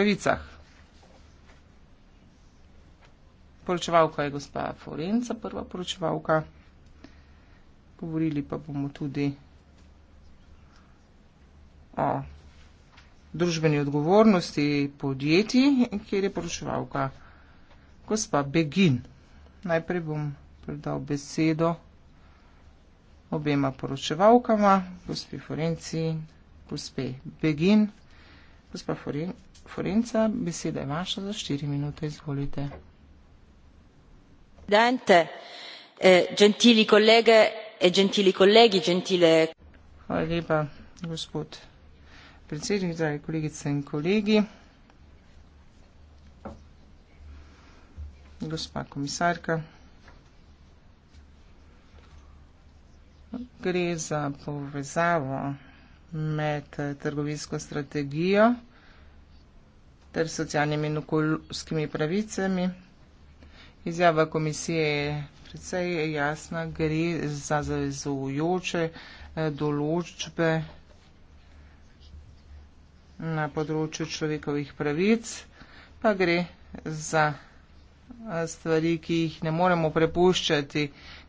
pravicah. Poročevalka je gospa Forenca, prva poročevalka. Govorili pa bomo tudi o družbeni odgovornosti podjetij, kjer je poročevalka gospa Begin. Najprej bom predal besedo obema poročevalkama, gospe Forenci, gospe Begin. Gospa Forenca, beseda je vaša za štiri minute. Izvolite. Eh, e Hvala lepa, gospod predsednik, dragi kolegice in kolegi. Gospa komisarka, gre za povezavo med trgovinsko strategijo ter socialnimi in okoljskimi pravicami. Izjava komisije je precej jasna, gre za zavezujoče eh, določbe na področju človekovih pravic, pa gre za eh, stvari, ki jih ne moremo prepuščati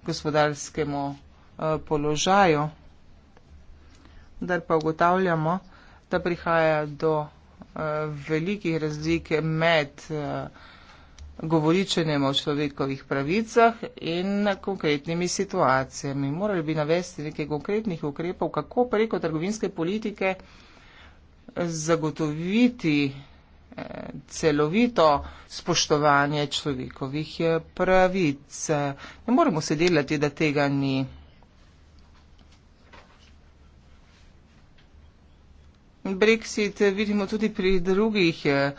gospodarskemu eh, položaju, da pa ugotavljamo, da prihaja do Eh, velikih razlik med eh, govoričenjem o človekovih pravicah in konkretnimi situacijami. Morali bi navesti nekaj konkretnih ukrepov, kako preko trgovinske politike eh, zagotoviti celovito spoštovanje človekovih pravic. Ne moremo se delati, da tega ni. Brexit vidimo tudi pri drugih eh,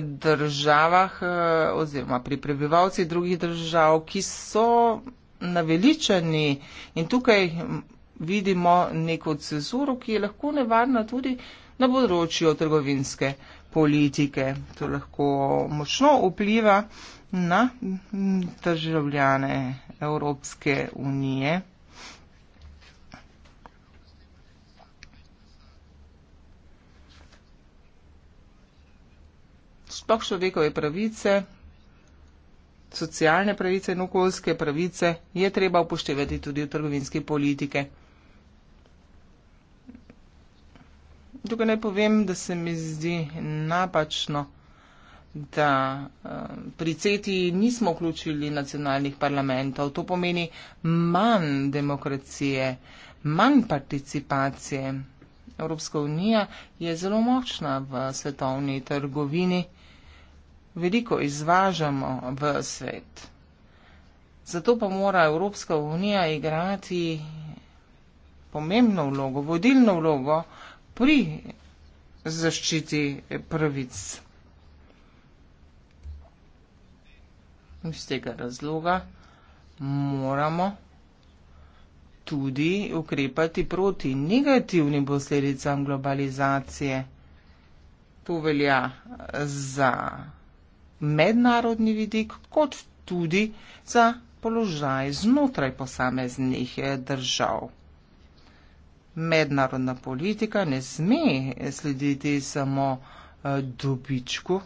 državah eh, oziroma pri prebivalcih drugih držav, ki so naveličani in tukaj vidimo neko cezuro, ki je lahko nevarna tudi na področju trgovinske politike. To lahko močno vpliva na državljane Evropske unije. sploh človekove pravice, socialne pravice in okoljske pravice, je treba upoštevati tudi v trgovinski politike. Tukaj naj povem, da se mi zdi napačno, da eh, pri CETI nismo vključili nacionalnih parlamentov. To pomeni manj demokracije, manj participacije. Evropska unija je zelo močna v svetovni trgovini veliko izvažamo v svet. Zato pa mora Evropska unija igrati pomembno vlogo, vodilno vlogo pri zaščiti pravic. Iz tega razloga moramo tudi ukrepati proti negativnim posledicam globalizacije. To velja za mednarodni vidik, kot tudi za položaj znotraj posameznih eh, držav. Mednarodna politika ne sme eh, slediti samo eh, dobičku,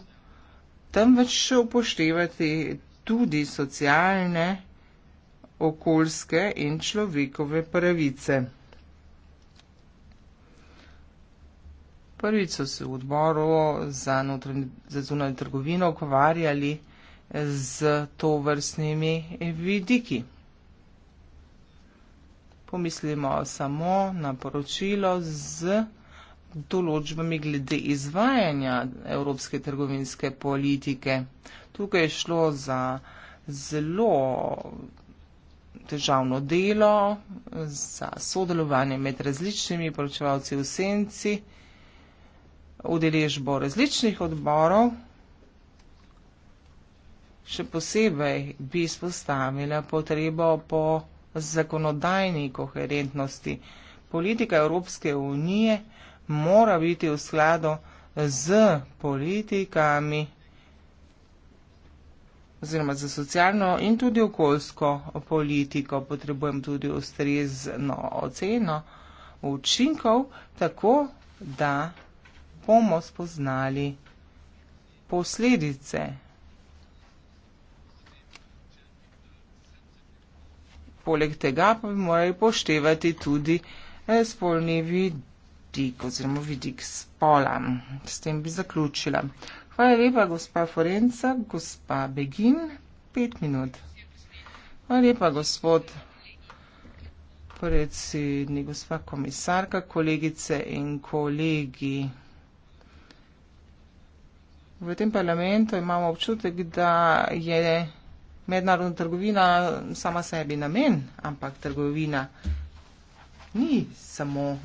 temveč upoštevati tudi socialne, okoljske in človekove pravice. Prvič so se v odboru za, za zunanje trgovino ukvarjali z to vrstnimi vidiki. Pomislimo samo na poročilo z določbami glede izvajanja evropske trgovinske politike. Tukaj je šlo za zelo težavno delo, za sodelovanje med različnimi poročevalci v senci udeležbo različnih odborov. Še posebej bi spostavila potrebo po zakonodajni koherentnosti. Politika Evropske unije mora biti v skladu z politikami oziroma za socialno in tudi okoljsko politiko. Potrebujem tudi ustrezno oceno učinkov, tako da bomo spoznali posledice. Poleg tega pa bi morali poštevati tudi eh, spolni vidik oziroma vidik spola. S tem bi zaključila. Hvala lepa, gospa Forenca, gospa Begin, pet minut. Hvala lepa, gospod predsednik, gospa komisarka, kolegice in kolegi. V tem parlamentu imamo občutek, da je mednarodna trgovina sama sebi namen, ampak trgovina ni samo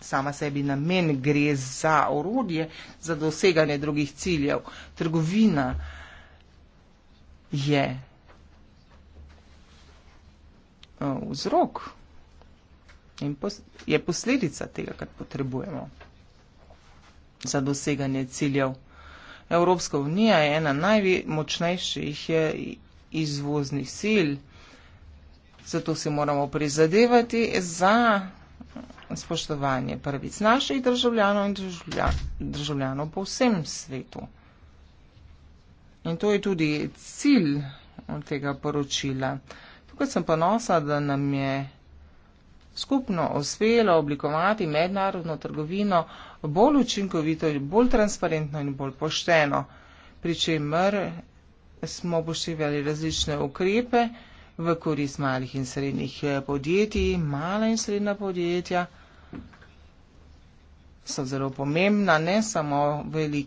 sama sebi namen, gre za orodje za doseganje drugih ciljev. Trgovina je eh, vzrok in je posledica tega, kar potrebujemo za doseganje ciljev. Evropska unija je ena najmočnejših eh, izvoznih sil, zato si moramo prizadevati za spoštovanje prvic naših državljanov in državlja, državljanov po vsem svetu. In to je tudi cilj tega poročila. Tukaj sem ponosa, da nam je skupno uspelo oblikovati mednarodno trgovino bolj učinkovito, bolj transparentno in bolj pošteno. Pričemer smo poštevali različne ukrepe v korist malih in srednjih eh, podjetij. Mala in srednja podjetja so zelo pomembna, ne samo velik,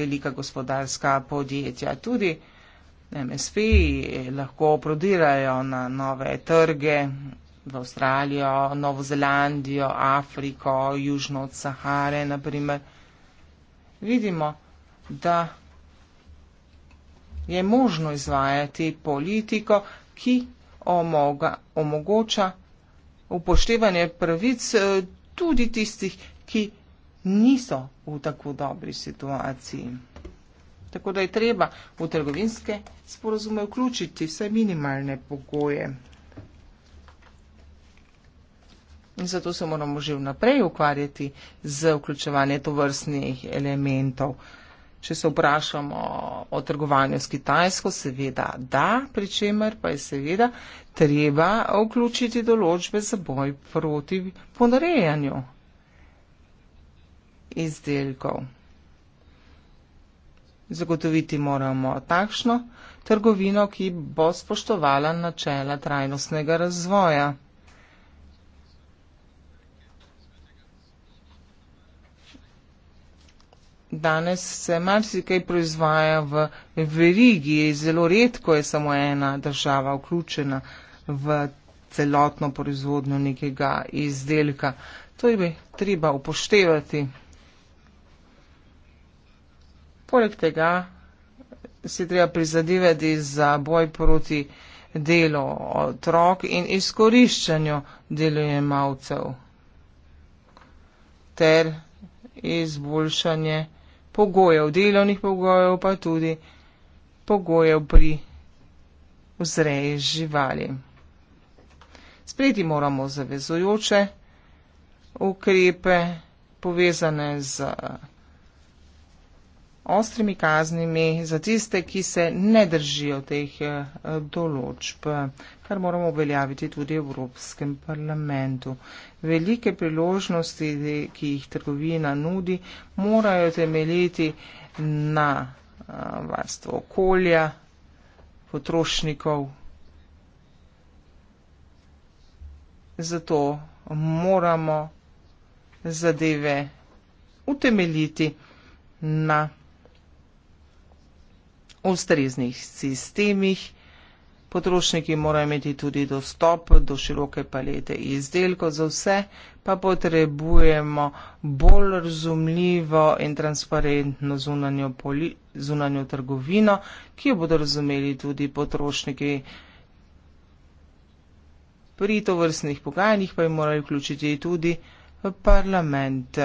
velika gospodarska podjetja. Tudi MSP eh, lahko prodirajo na nove trge v Avstralijo, Novo Zelandijo, Afriko, južno od Sahare, naprimer, vidimo, da je možno izvajati politiko, ki omoga, omogoča upoštevanje pravic eh, tudi tistih, ki niso v tako dobri situaciji. Tako da je treba v trgovinske sporozume vključiti vse minimalne pogoje. In zato se moramo že vnaprej ukvarjati z vključevanje tovrstnih elementov. Če se vprašamo o trgovanju s Kitajsko, seveda da, pri čemer pa je seveda treba vključiti določbe za boj proti ponarejanju izdelkov. Zagotoviti moramo takšno trgovino, ki bo spoštovala načela trajnostnega razvoja. danes se marsikaj proizvaja v verigi, zelo redko je samo ena država vključena v celotno proizvodno nekega izdelka. To je bi treba upoštevati. Poleg tega se treba prizadevati za boj proti delo otrok in izkoriščanju delojemalcev ter izboljšanje pogojev, delovnih pogojev, pa tudi pogojev pri vzreji živali. Sprejeti moramo zavezujoče ukrepe povezane z ostrimi kaznimi za tiste, ki se ne držijo teh eh, določb, kar moramo uveljaviti tudi v Evropskem parlamentu. Velike priložnosti, ki jih trgovina nudi, morajo temeljiti na eh, varstvo okolja, potrošnikov. Zato moramo zadeve utemeljiti na v ustreznih sistemih. Potrošniki morajo imeti tudi dostop do široke palete izdelkov, za vse pa potrebujemo bolj razumljivo in transparentno zunanjo, poli, zunanjo trgovino, ki jo bodo razumeli tudi potrošniki. Pri tovrstnih pogajanjih pa jih morajo vključiti tudi parlament.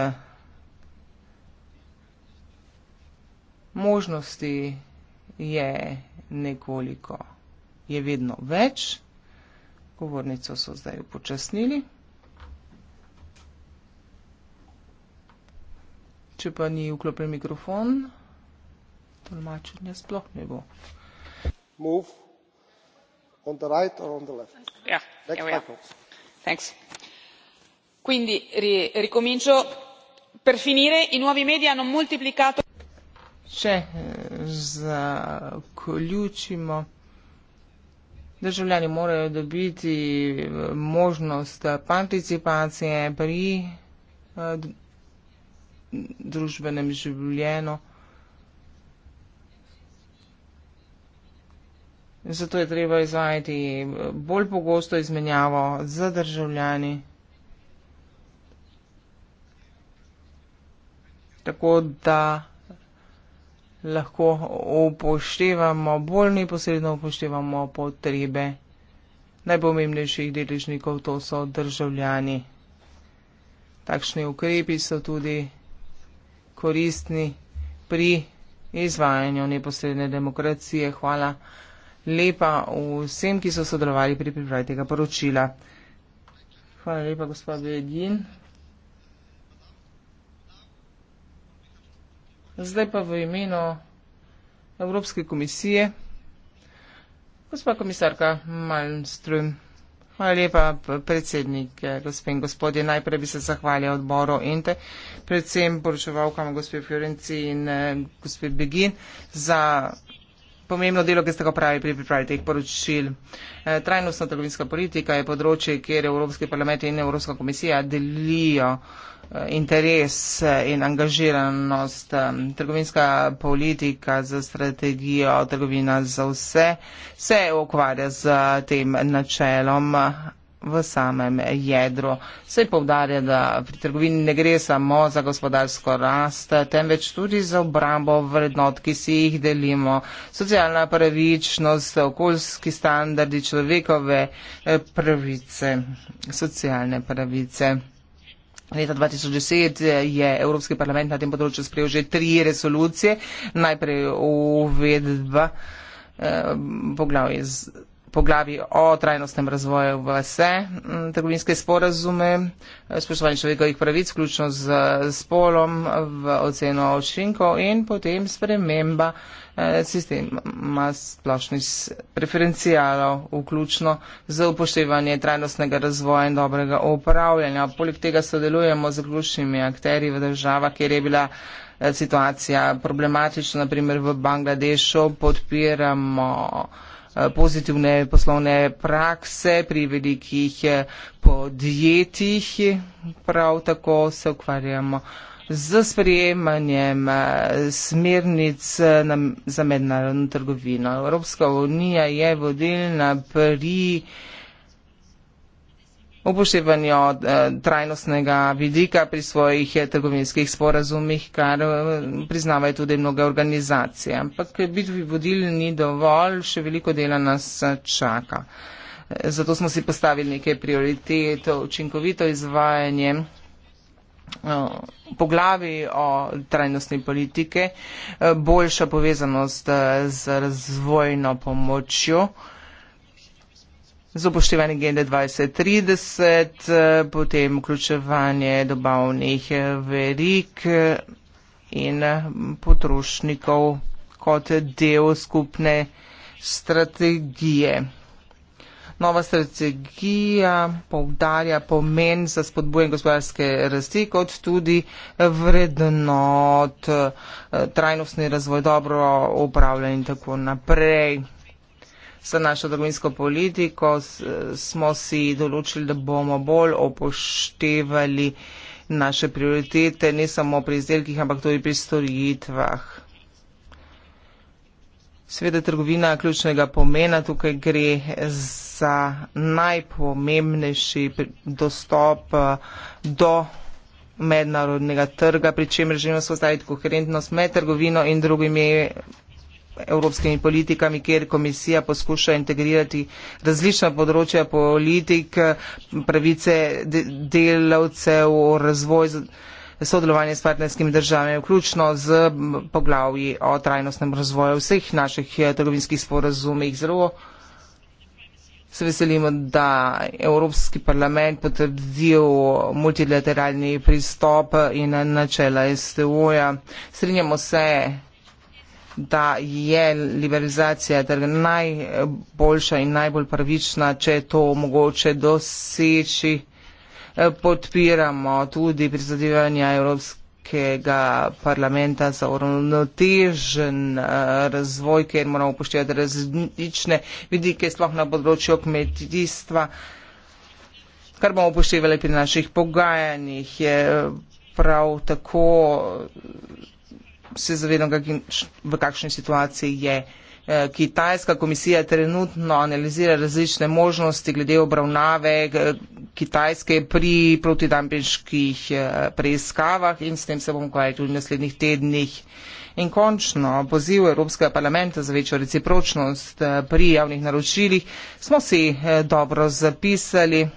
Možnosti je nekoliko, je vedno več. Govornico so zdaj upočasnili. Če pa ni vklopil mikrofon, tolmačenja sploh ne bo. Move. On the right or on the left? Yeah, ja, Next yeah, ja. yeah. Thanks. Quindi ri, ricomincio. Per finire, i nuovi media hanno moltiplicato. C'è. Eh zaključimo. Državljani morajo dobiti možnost participacije pri eh, družbenem življenju. Zato je treba izvajati bolj pogosto izmenjavo za državljani, tako da lahko upoštevamo, bolj neposredno upoštevamo potrebe najpomembnejših deležnikov, to so državljani. Takšni ukrepi so tudi koristni pri izvajanju neposredne demokracije. Hvala lepa vsem, ki so sodelovali pri pripravi tega poročila. Hvala lepa, gospod Bedin. Zdaj pa v imenu Evropske komisije. Gospa komisarka Malmström, hvala lepa predsednik, eh, gospe in gospodje. Najprej bi se zahvalil odboru INTE, predvsem poročevalkam gospe Fiorenci in eh, gospe Begin za pomembno delo, ki ste ga pravi pri pripravi teh poročil. Eh, trajnostna trgovinska politika je področje, kjer Evropski parlament in Evropska komisija delijo eh, interes eh, in angažiranost. Trgovinska politika za strategijo trgovina za vse se ukvarja z tem načelom v samem jedru. Se povdarja, da pri trgovini ne gre samo za gospodarsko rast, temveč tudi za obrambo vrednot, ki si jih delimo. Socialna pravičnost, okoljski standardi, človekove eh, pravice, socialne pravice. Leta 2010 eh, je Evropski parlament na tem področju sprejel že tri resolucije. Najprej uvedba eh, poglavja iz poglavi o trajnostnem razvoju v vse trgovinske sporazume, eh, spoštovanje človekovih pravic, vključno z spolom, v oceno očinkov in potem sprememba eh, sistema splošnih preferencijalov, vključno z upoštevanje trajnostnega razvoja in dobrega upravljanja. Poleg tega sodelujemo z ključnimi akteri v državah, kjer je bila eh, situacija problematična, naprimer v Bangladešu podpiramo Eh, pozitivne poslovne prakse pri velikih eh, podjetjih. Prav tako se ukvarjamo z sprejemanjem eh, smernic za mednarodno trgovino. Evropska unija je vodilna pri upoštevanju eh, trajnostnega vidika pri svojih eh, trgovinskih sporazumih, kar eh, priznavajo tudi mnoge organizacije. Ampak biti vodilni ni dovolj, še veliko dela nas čaka. Zato smo si postavili neke prioritete, učinkovito izvajanje poglavi o trajnostni politike, boljša povezanost z razvojno pomočjo z upoštevanjem agende 2030, eh, potem vključevanje dobavnih eh, verik eh, in potrošnikov kot del skupne strategije. Nova strategija povdarja pomen za spodbujanje gospodarske rasti kot tudi vrednot, trajnostni razvoj, dobro upravljanje in tako naprej za našo domovinsko politiko, smo si določili, da bomo bolj opoštevali naše prioritete, ne samo pri izdelkih, ampak tudi pri storitvah. Sveda trgovina ključnega pomena tukaj gre za najpomembnejši dostop do mednarodnega trga, pri čem režimo spostaviti koherentnost med trgovino in drugimi evropskimi politikami, kjer komisija poskuša integrirati različna področja politik, pravice delavcev, razvoj, sodelovanje s partnerskimi državami, vključno z poglavji o trajnostnem razvoju vseh naših eh, trgovinskih sporazumih. Zelo se veselimo, da Evropski parlament potrdil multilateralni pristop in eh, načela STO-ja. Strinjamo se, da je liberalizacija trga najboljša in najbolj pravična, če je to mogoče doseči. Eh, podpiramo tudi prizadevanja Evropskega parlamenta za uravnotežen eh, razvoj, ker moramo upoštevati različne vidike, sploh na področju kmetijstva, kar bomo upoštevali pri naših pogajanjih. Prav tako se zavedam, v kakšni situaciji je. Eh, kitajska komisija trenutno analizira različne možnosti glede obravnave eh, Kitajske pri protidampinških eh, preiskavah in s tem se bom kvali tudi v naslednjih tednih. In končno, poziv Evropskega parlamenta za večjo recipročnost pri javnih naročilih smo si dobro zapisali.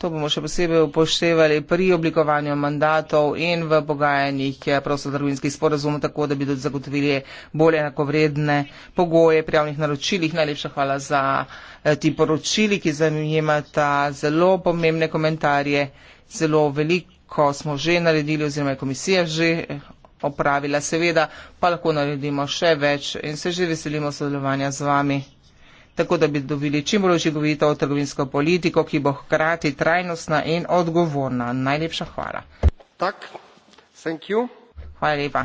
To bomo še posebej upoštevali pri oblikovanju mandatov in v pogajanjih eh, prostotrgovinskih sporazum, tako da bi tudi zagotovili bolje enakovredne pogoje pri javnih naročilih. Najlepša hvala za eh, ti poročili, ki zanimata zelo pomembne komentarje. Zelo veliko smo že naredili oziroma je komisija že eh, opravila. Seveda pa lahko naredimo še več in se že veselimo sodelovanja z vami tako da bi dobili čim bolj učinkovito trgovinsko politiko, ki bo hkrati trajnostna in odgovorna. Najlepša hvala. Tak, thank you. Hvala lepa.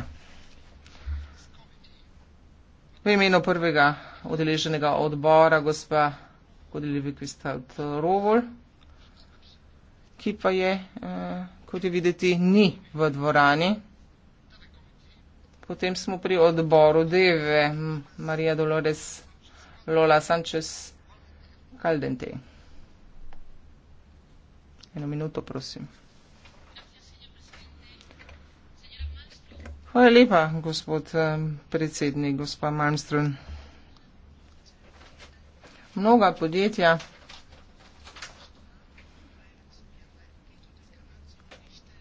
V imenu prvega odeleženega odbora, gospa Kodilevi Kristalt Rovol, ki pa je, eh, kot je videti, ni v dvorani. Potem smo pri odboru deve Marija Dolores Kodilevi. Lola Sánchez Caldente. En un minuto, próximo. Hvala lepa, gospod predsednik, gospa Malmström. Mnoga podjetja.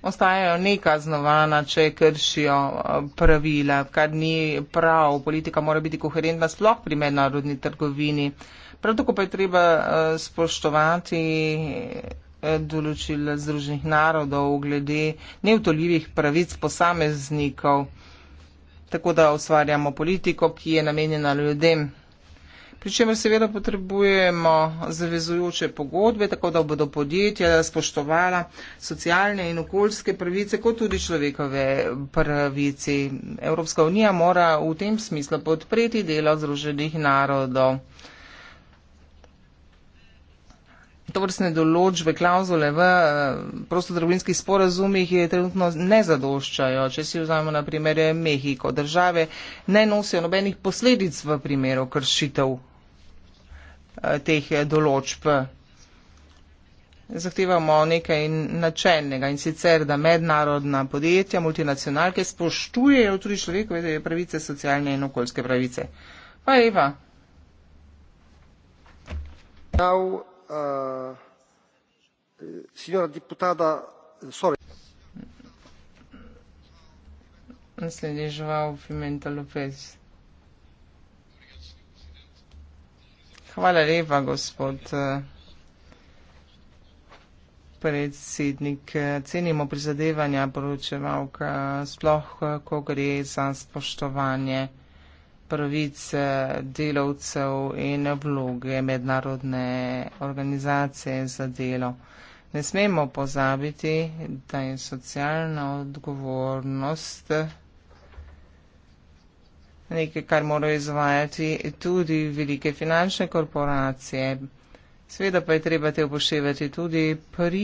ostajajo nekaznovana, če kršijo eh, pravila, kar ni prav. Politika mora biti koherentna sploh pri mednarodni trgovini. Prav tako pa je treba eh, spoštovati eh, določila Združenih narodov glede neutoljivih pravic posameznikov, tako da ustvarjamo politiko, ki je namenjena ljudem pri čemer seveda potrebujemo zavezujoče pogodbe, tako da bodo podjetja spoštovala socialne in okoljske pravice, kot tudi človekove pravice. Evropska unija mora v tem smislu podpreti delo združenih narodov. To vrstne določbe, klauzule v eh, prostotrgovinskih sporazumih je trenutno nezadoščajo. Če si vzamemo na primer Mehiko, države ne nosijo nobenih posledic v primeru kršitev Eh, teh eh, določb. Zahtevamo nekaj načelnega in sicer, da mednarodna podjetja, multinacionalke spoštujejo tudi človekove pravice, socialne in okoljske pravice. Pa Eva. Now, uh, eh, signora deputada, sorry. Naslednji žival Pimenta Lopez. Hvala lepa, gospod eh, predsednik. Cenimo prizadevanja poročevalka, sploh ko gre za spoštovanje pravic eh, delavcev in vloge mednarodne organizacije za delo. Ne smemo pozabiti, da je socialna odgovornost nekaj, kar morajo izvajati tudi velike finančne korporacije. Sveda pa je treba te upoštevati tudi pri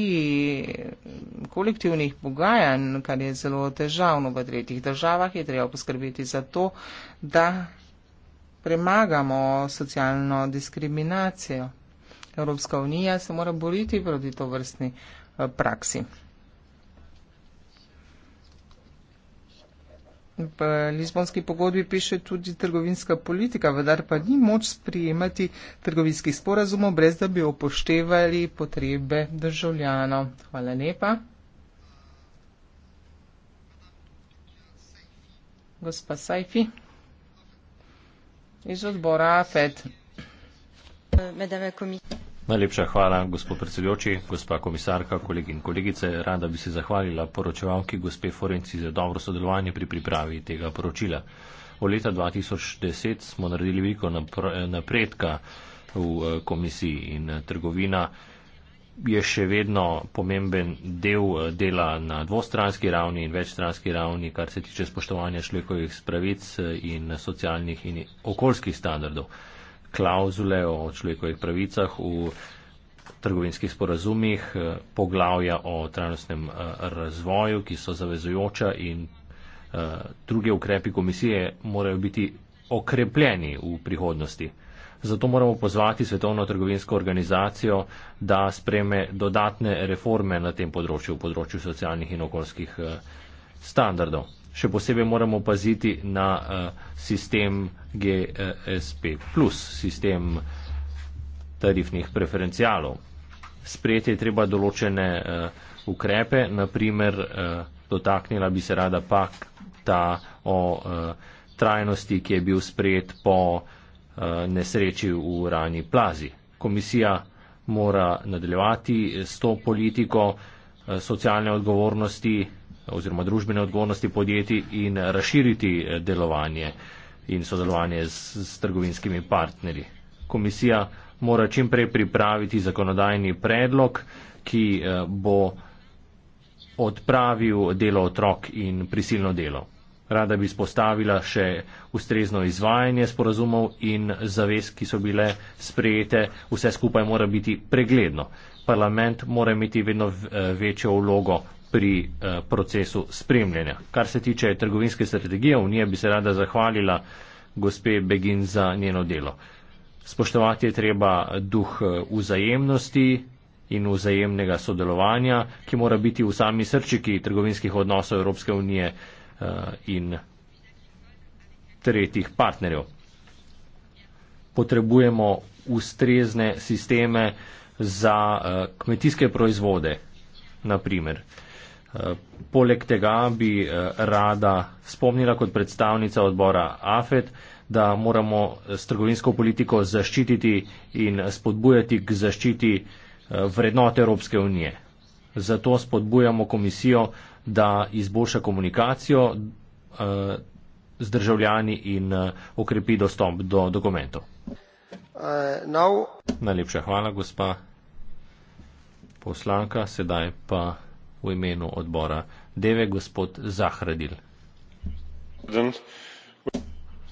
kolektivnih pogajanj, kar je zelo težavno v tretjih državah, je treba poskrbeti za to, da premagamo socialno diskriminacijo. Evropska unija se mora boriti proti to vrstni eh, praksi. v Lizbonski pogodbi piše tudi trgovinska politika, vendar pa ni moč sprijemati trgovinskih sporazumov, brez da bi upoštevali potrebe državljanov. Hvala lepa. Gospa Sajfi iz odbora AFED. Madame la commissaire. Najlepša hvala, gospod predsedujoči, gospa komisarka, kolegi in kolegice. Rada bi se zahvalila poročevalki gospe Forenci za dobro sodelovanje pri pripravi tega poročila. Od leta 2010 smo naredili veliko napredka v eh, komisiji in eh, trgovina je še vedno pomemben del eh, dela na dvostranski ravni in večstranski ravni, kar se tiče spoštovanja človekovih spravic in socialnih in okoljskih standardov klauzule o človekovih pravicah v trgovinskih sporazumih, eh, poglavja o trajnostnem eh, razvoju, ki so zavezujoča in eh, druge ukrepi komisije morajo biti okrepljeni v prihodnosti. Zato moramo pozvati Svetovno trgovinsko organizacijo, da spreme dodatne reforme na tem področju, v področju socialnih in okoljskih standardov še posebej moramo paziti na uh, sistem GSP, sistem tarifnih preferencialov. Sprejeti je treba določene uh, ukrepe, naprimer uh, eh, dotaknila bi se rada pak ta o uh, trajnosti, ki je bil sprejet po uh, nesreči v rani plazi. Komisija mora nadaljevati s to politiko uh, socialne odgovornosti, oziroma družbene odgovornosti podjetij in razširiti eh, delovanje in sodelovanje s, s trgovinskimi partnerji. Komisija mora čimprej pripraviti zakonodajni predlog, ki eh, bo odpravil delo otrok in prisilno delo. Rada bi spostavila še ustrezno izvajanje sporazumov in zavez, ki so bile sprejete. Vse skupaj mora biti pregledno. Parlament mora imeti vedno eh, večjo vlogo pri eh, procesu spremljanja. Kar se tiče trgovinske strategije, Unija bi se rada zahvalila gospe Begin za njeno delo. Spoštovati je treba duh eh, vzajemnosti in vzajemnega sodelovanja, ki mora biti v sami srčiki trgovinskih odnosov Evropske unije eh, in tretjih partnerjev. Potrebujemo ustrezne sisteme za eh, kmetijske proizvode, naprimer. Eh, poleg tega bi eh, rada spomnila kot predstavnica odbora AFET, da moramo s trgovinsko politiko zaščititi in spodbujati k zaščiti eh, vrednote Evropske unije. Zato spodbujamo komisijo, da izboljša komunikacijo z državljani in okrepi dostop do dokumentov. Uh, Najlepša hvala, gospa poslanka. Sedaj pa v imenu odbora. Deve gospod Zahradil. Den.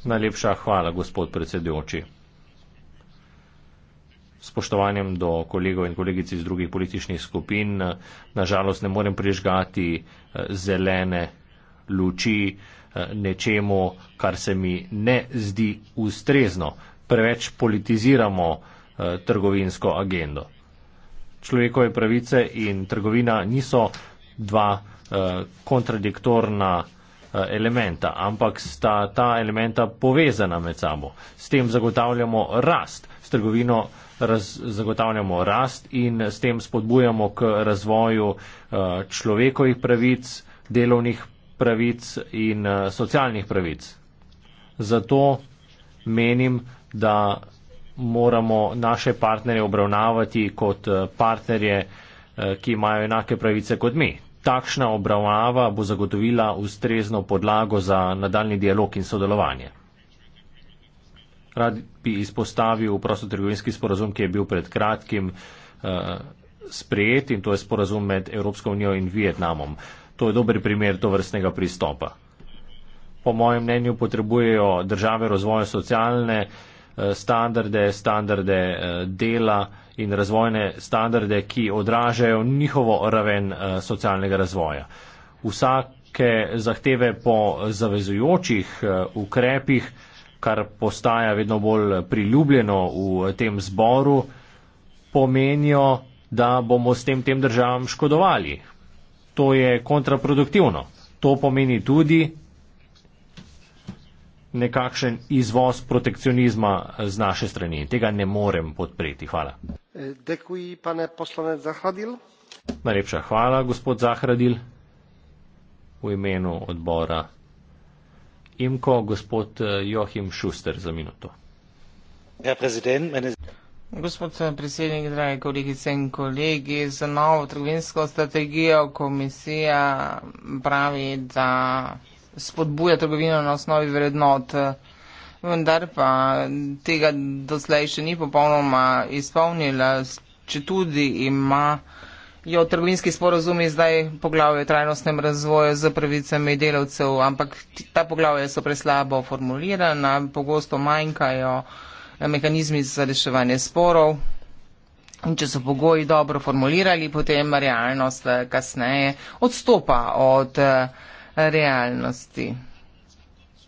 Najlepša hvala, gospod predsedujoči. Spoštovanjem do kolegov in kolegic iz drugih političnih skupin, nažalost ne morem prižgati eh, zelene luči eh, nečemu, kar se mi ne zdi ustrezno. Preveč politiziramo eh, trgovinsko agendo človekove pravice in trgovina niso dva eh, kontradiktorna eh, elementa, ampak sta ta elementa povezana med sabo. S tem zagotavljamo rast, s trgovino raz, zagotavljamo rast in s tem spodbujamo k razvoju eh, človekovih pravic, delovnih pravic in eh, socialnih pravic. Zato menim, da moramo naše partnerje obravnavati kot eh, partnerje, eh, ki imajo enake pravice kot mi. Takšna obravnava bo zagotovila ustrezno podlago za nadaljni dialog in sodelovanje. Rad bi izpostavil prostotrgovinski sporazum, ki je bil pred kratkim eh, sprejet in to je sporazum med Evropsko unijo in Vietnamom. To je dober primer to vrstnega pristopa. Po mojem mnenju potrebujejo države razvoja socialne eh, Eh, standarde, standarde eh, dela in razvojne standarde, ki odražajo njihovo raven eh, socialnega razvoja. Vsake zahteve po zavezujočih ukrepih, kar postaja vedno bolj priljubljeno v tem zboru, pomenijo, da bomo s tem tem državam škodovali. To je kontraproduktivno. To pomeni tudi, nekakšen izvoz protekcionizma eh, z naše strani. Tega ne morem podpreti. Hvala. Eh, Dekuji, pane poslanec Zahradil. Najlepša hvala, gospod Zahradil. V imenu odbora IMKO, gospod eh, Johim Šuster za minuto. Ja, prezident, mene... Gospod predsednik, dragi kolegice in kolegi, za novo trgovinsko strategijo komisija pravi, da spodbuja trgovino na osnovi vrednot, eh, vendar pa tega doslej še ni popolnoma izpolnila, če tudi ima jo trgovinski sporozumi zdaj poglavje trajnostnem razvoju z pravicami delavcev, ampak ta poglavje so preslabo formulirana, pogosto manjkajo eh, mehanizmi za reševanje sporov. In če so pogoji dobro formulirali, potem realnost eh, kasneje odstopa od eh, realnosti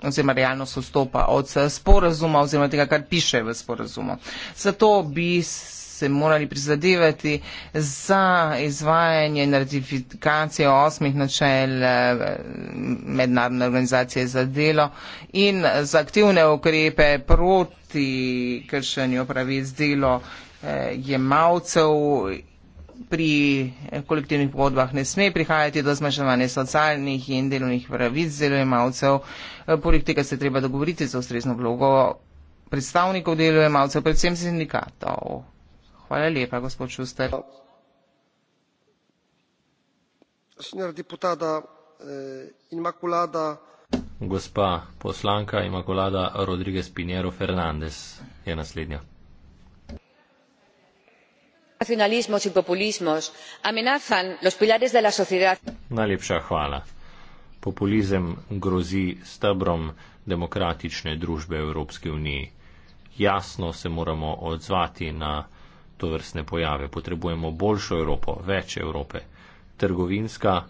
oziroma realnost odstopa od sporazuma oziroma tega, kar piše v sporazumu. Zato bi se morali prizadevati za izvajanje in ratifikacijo osmih načel eh, mednarodne organizacije za delo in za aktivne ukrepe proti kršenju pravic delo eh, jemalcev pri kolektivnih pogodbah ne sme prihajati do zmanjševanja socialnih in delovnih pravic delojemalcev. E, poleg tega se treba dogovoriti za ustrezno vlogo predstavnikov delojemalcev, predvsem sindikatov. Hvala lepa, gospod Šuster. E, Gospa poslanka Imakulada Rodriguez Pinero Fernandez je naslednja nacionalismos y populismos amenazan los pilares de la sociedad. Najlepša hvala. Populizem grozi stebrom demokratične družbe Evropske unije. Jasno se moramo odzvati na to vrstne pojave. Potrebujemo boljšo Evropo, več Evrope. Trgovinska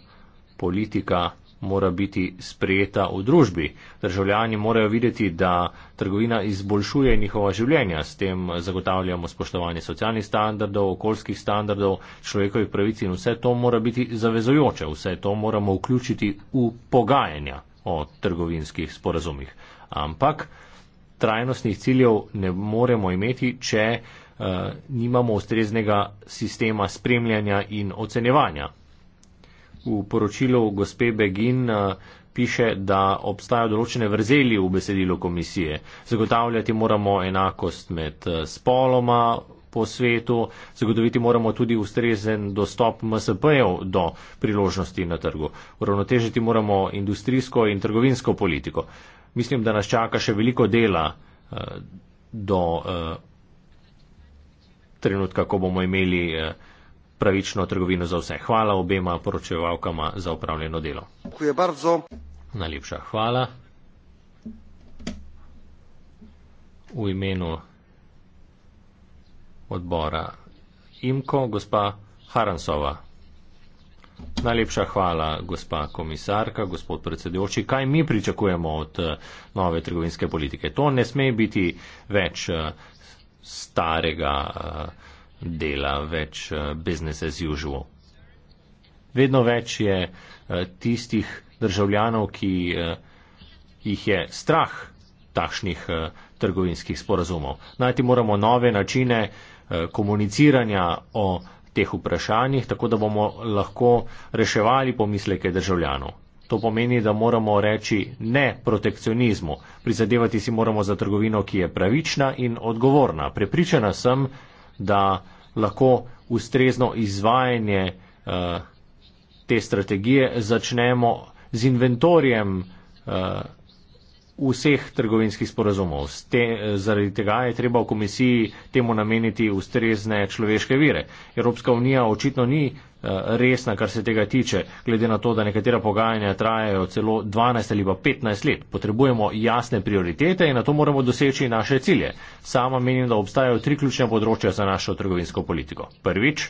politika mora biti sprejeta v družbi. Državljani morajo videti, da trgovina izboljšuje njihova življenja, s tem zagotavljamo spoštovanje socialnih standardov, okoljskih standardov, človekovih pravic in vse to mora biti zavezojoče, vse to moramo vključiti v pogajanja o trgovinskih sporazumih. Ampak trajnostnih ciljev ne moremo imeti, če uh, nimamo ustreznega sistema spremljanja in ocenjevanja v poročilu gospe Begin eh, piše, da obstajajo določene vrzeli v besedilu komisije. Zagotavljati moramo enakost med eh, spoloma po svetu, zagotoviti moramo tudi ustrezen dostop MSP-jev do priložnosti na trgu. Uravnotežiti moramo industrijsko in trgovinsko politiko. Mislim, da nas čaka še veliko dela eh, do trenutka, ko bomo imeli pravično trgovino za vse. Hvala obema poročevalkama za upravljeno delo. Najlepša hvala. V imenu odbora IMKO, gospa Haransova. Najlepša hvala, gospa komisarka, gospod predsedujoči. Kaj mi pričakujemo od eh, nove trgovinske politike? To ne sme biti več eh, starega. Uh, dela, več eh, business as usual. Vedno več je eh, tistih državljanov, ki eh, jih je strah takšnih trgovinskih sporazumov. Najti moramo nove načine komuniciranja o teh vprašanjih, tako da bomo lahko reševali pomisleke državljanov. To pomeni, da moramo reči ne protekcionizmu. Prizadevati si moramo za trgovino, ki je pravična in odgovorna. Prepričana sem, da lahko ustrezno izvajanje uh, te strategije začnemo z inventorjem uh, eh, vseh trgovinskih sporazumov. Te, eh, zaradi tega je treba v komisiji temu nameniti ustrezne človeške vire. Evropska unija očitno ni Eh, resna, kar se tega tiče, glede na to, da nekatera pogajanja trajajo celo 12 ali pa 15 let. Potrebujemo jasne prioritete in na to moramo doseči naše cilje. Sama menim, da obstajajo tri ključne področja za našo trgovinsko politiko. Prvič,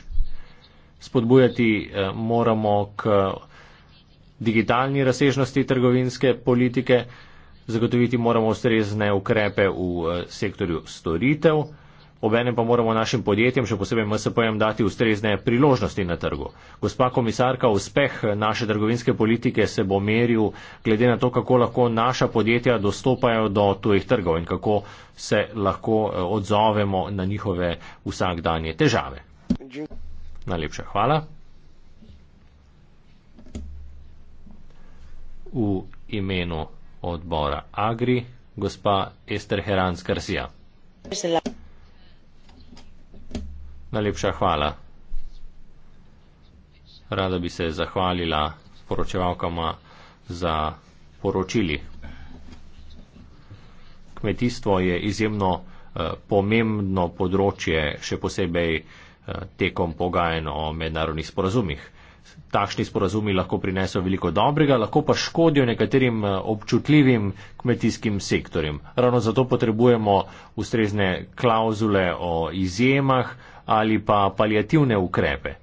spodbujati eh, moramo k digitalni razsežnosti trgovinske politike, zagotoviti moramo ustrezne ukrepe v eh, sektorju storitev, Obenem pa moramo našim podjetjem, še posebej MSP-jem, dati ustrezne priložnosti na trgu. Gospa komisarka, uspeh naše trgovinske politike se bo meril glede na to, kako lahko naša podjetja dostopajo do tujih trgov in kako se lahko eh, odzovemo na njihove vsakdanje težave. Najlepša hvala. V imenu odbora Agri, gospa Ester Heranskarsija. Najlepša hvala. Rada bi se zahvalila poročevalkama za poročili. Kmetijstvo je izjemno eh, pomembno področje, še posebej eh, tekom pogajen o mednarodnih sporazumih. Takšni sporazumi lahko prineso veliko dobrega, lahko pa škodijo nekaterim eh, občutljivim kmetijskim sektorjem. Ravno zato potrebujemo ustrezne klauzule o izjemah, ali pa paljativne ukrepe.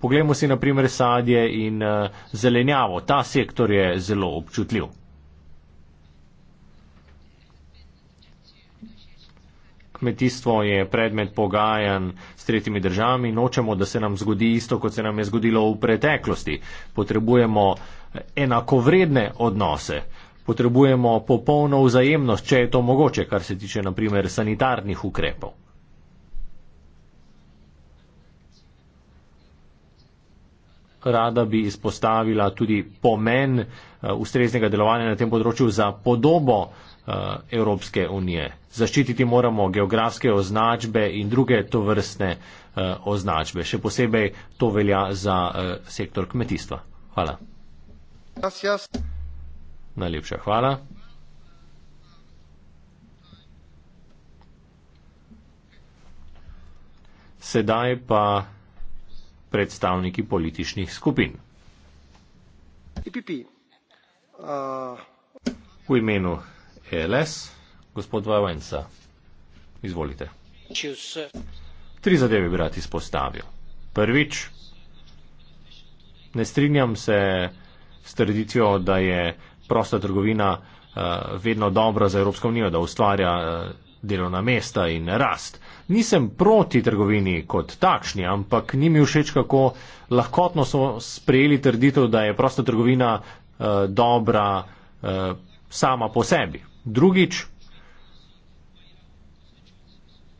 Poglejmo si naprimer sadje in eh, zelenjavo. Ta sektor je zelo občutljiv. Kmetijstvo je predmet pogajanj s tretjimi državami. Nočemo, da se nam zgodi isto, kot se nam je zgodilo v preteklosti. Potrebujemo eh, enakovredne odnose. Potrebujemo popolno vzajemnost, če je to mogoče, kar se tiče naprimer sanitarnih ukrepov. rada bi izpostavila tudi pomen eh, ustreznega delovanja na tem področju za podobo eh, Evropske unije. Zaščititi moramo geografske označbe in druge tovrstne eh, označbe. Še posebej to velja za sektor kmetijstva. Hvala. Najlepša hvala. Sedaj pa predstavniki političnih skupin. Uh, v imenu ELS, gospod Vajvenca, izvolite. Tri zadeve bi rad izpostavil. Prvič, ne strinjam se s trditvijo, da je prosta trgovina uh, vedno dobra za Evropsko unijo, da ustvarja uh, delovna mesta in rast. Nisem proti trgovini kot takšni, ampak ni mi všeč, kako lahkotno so sprejeli trditev, da je prosta trgovina eh, dobra eh, sama po sebi. Drugič,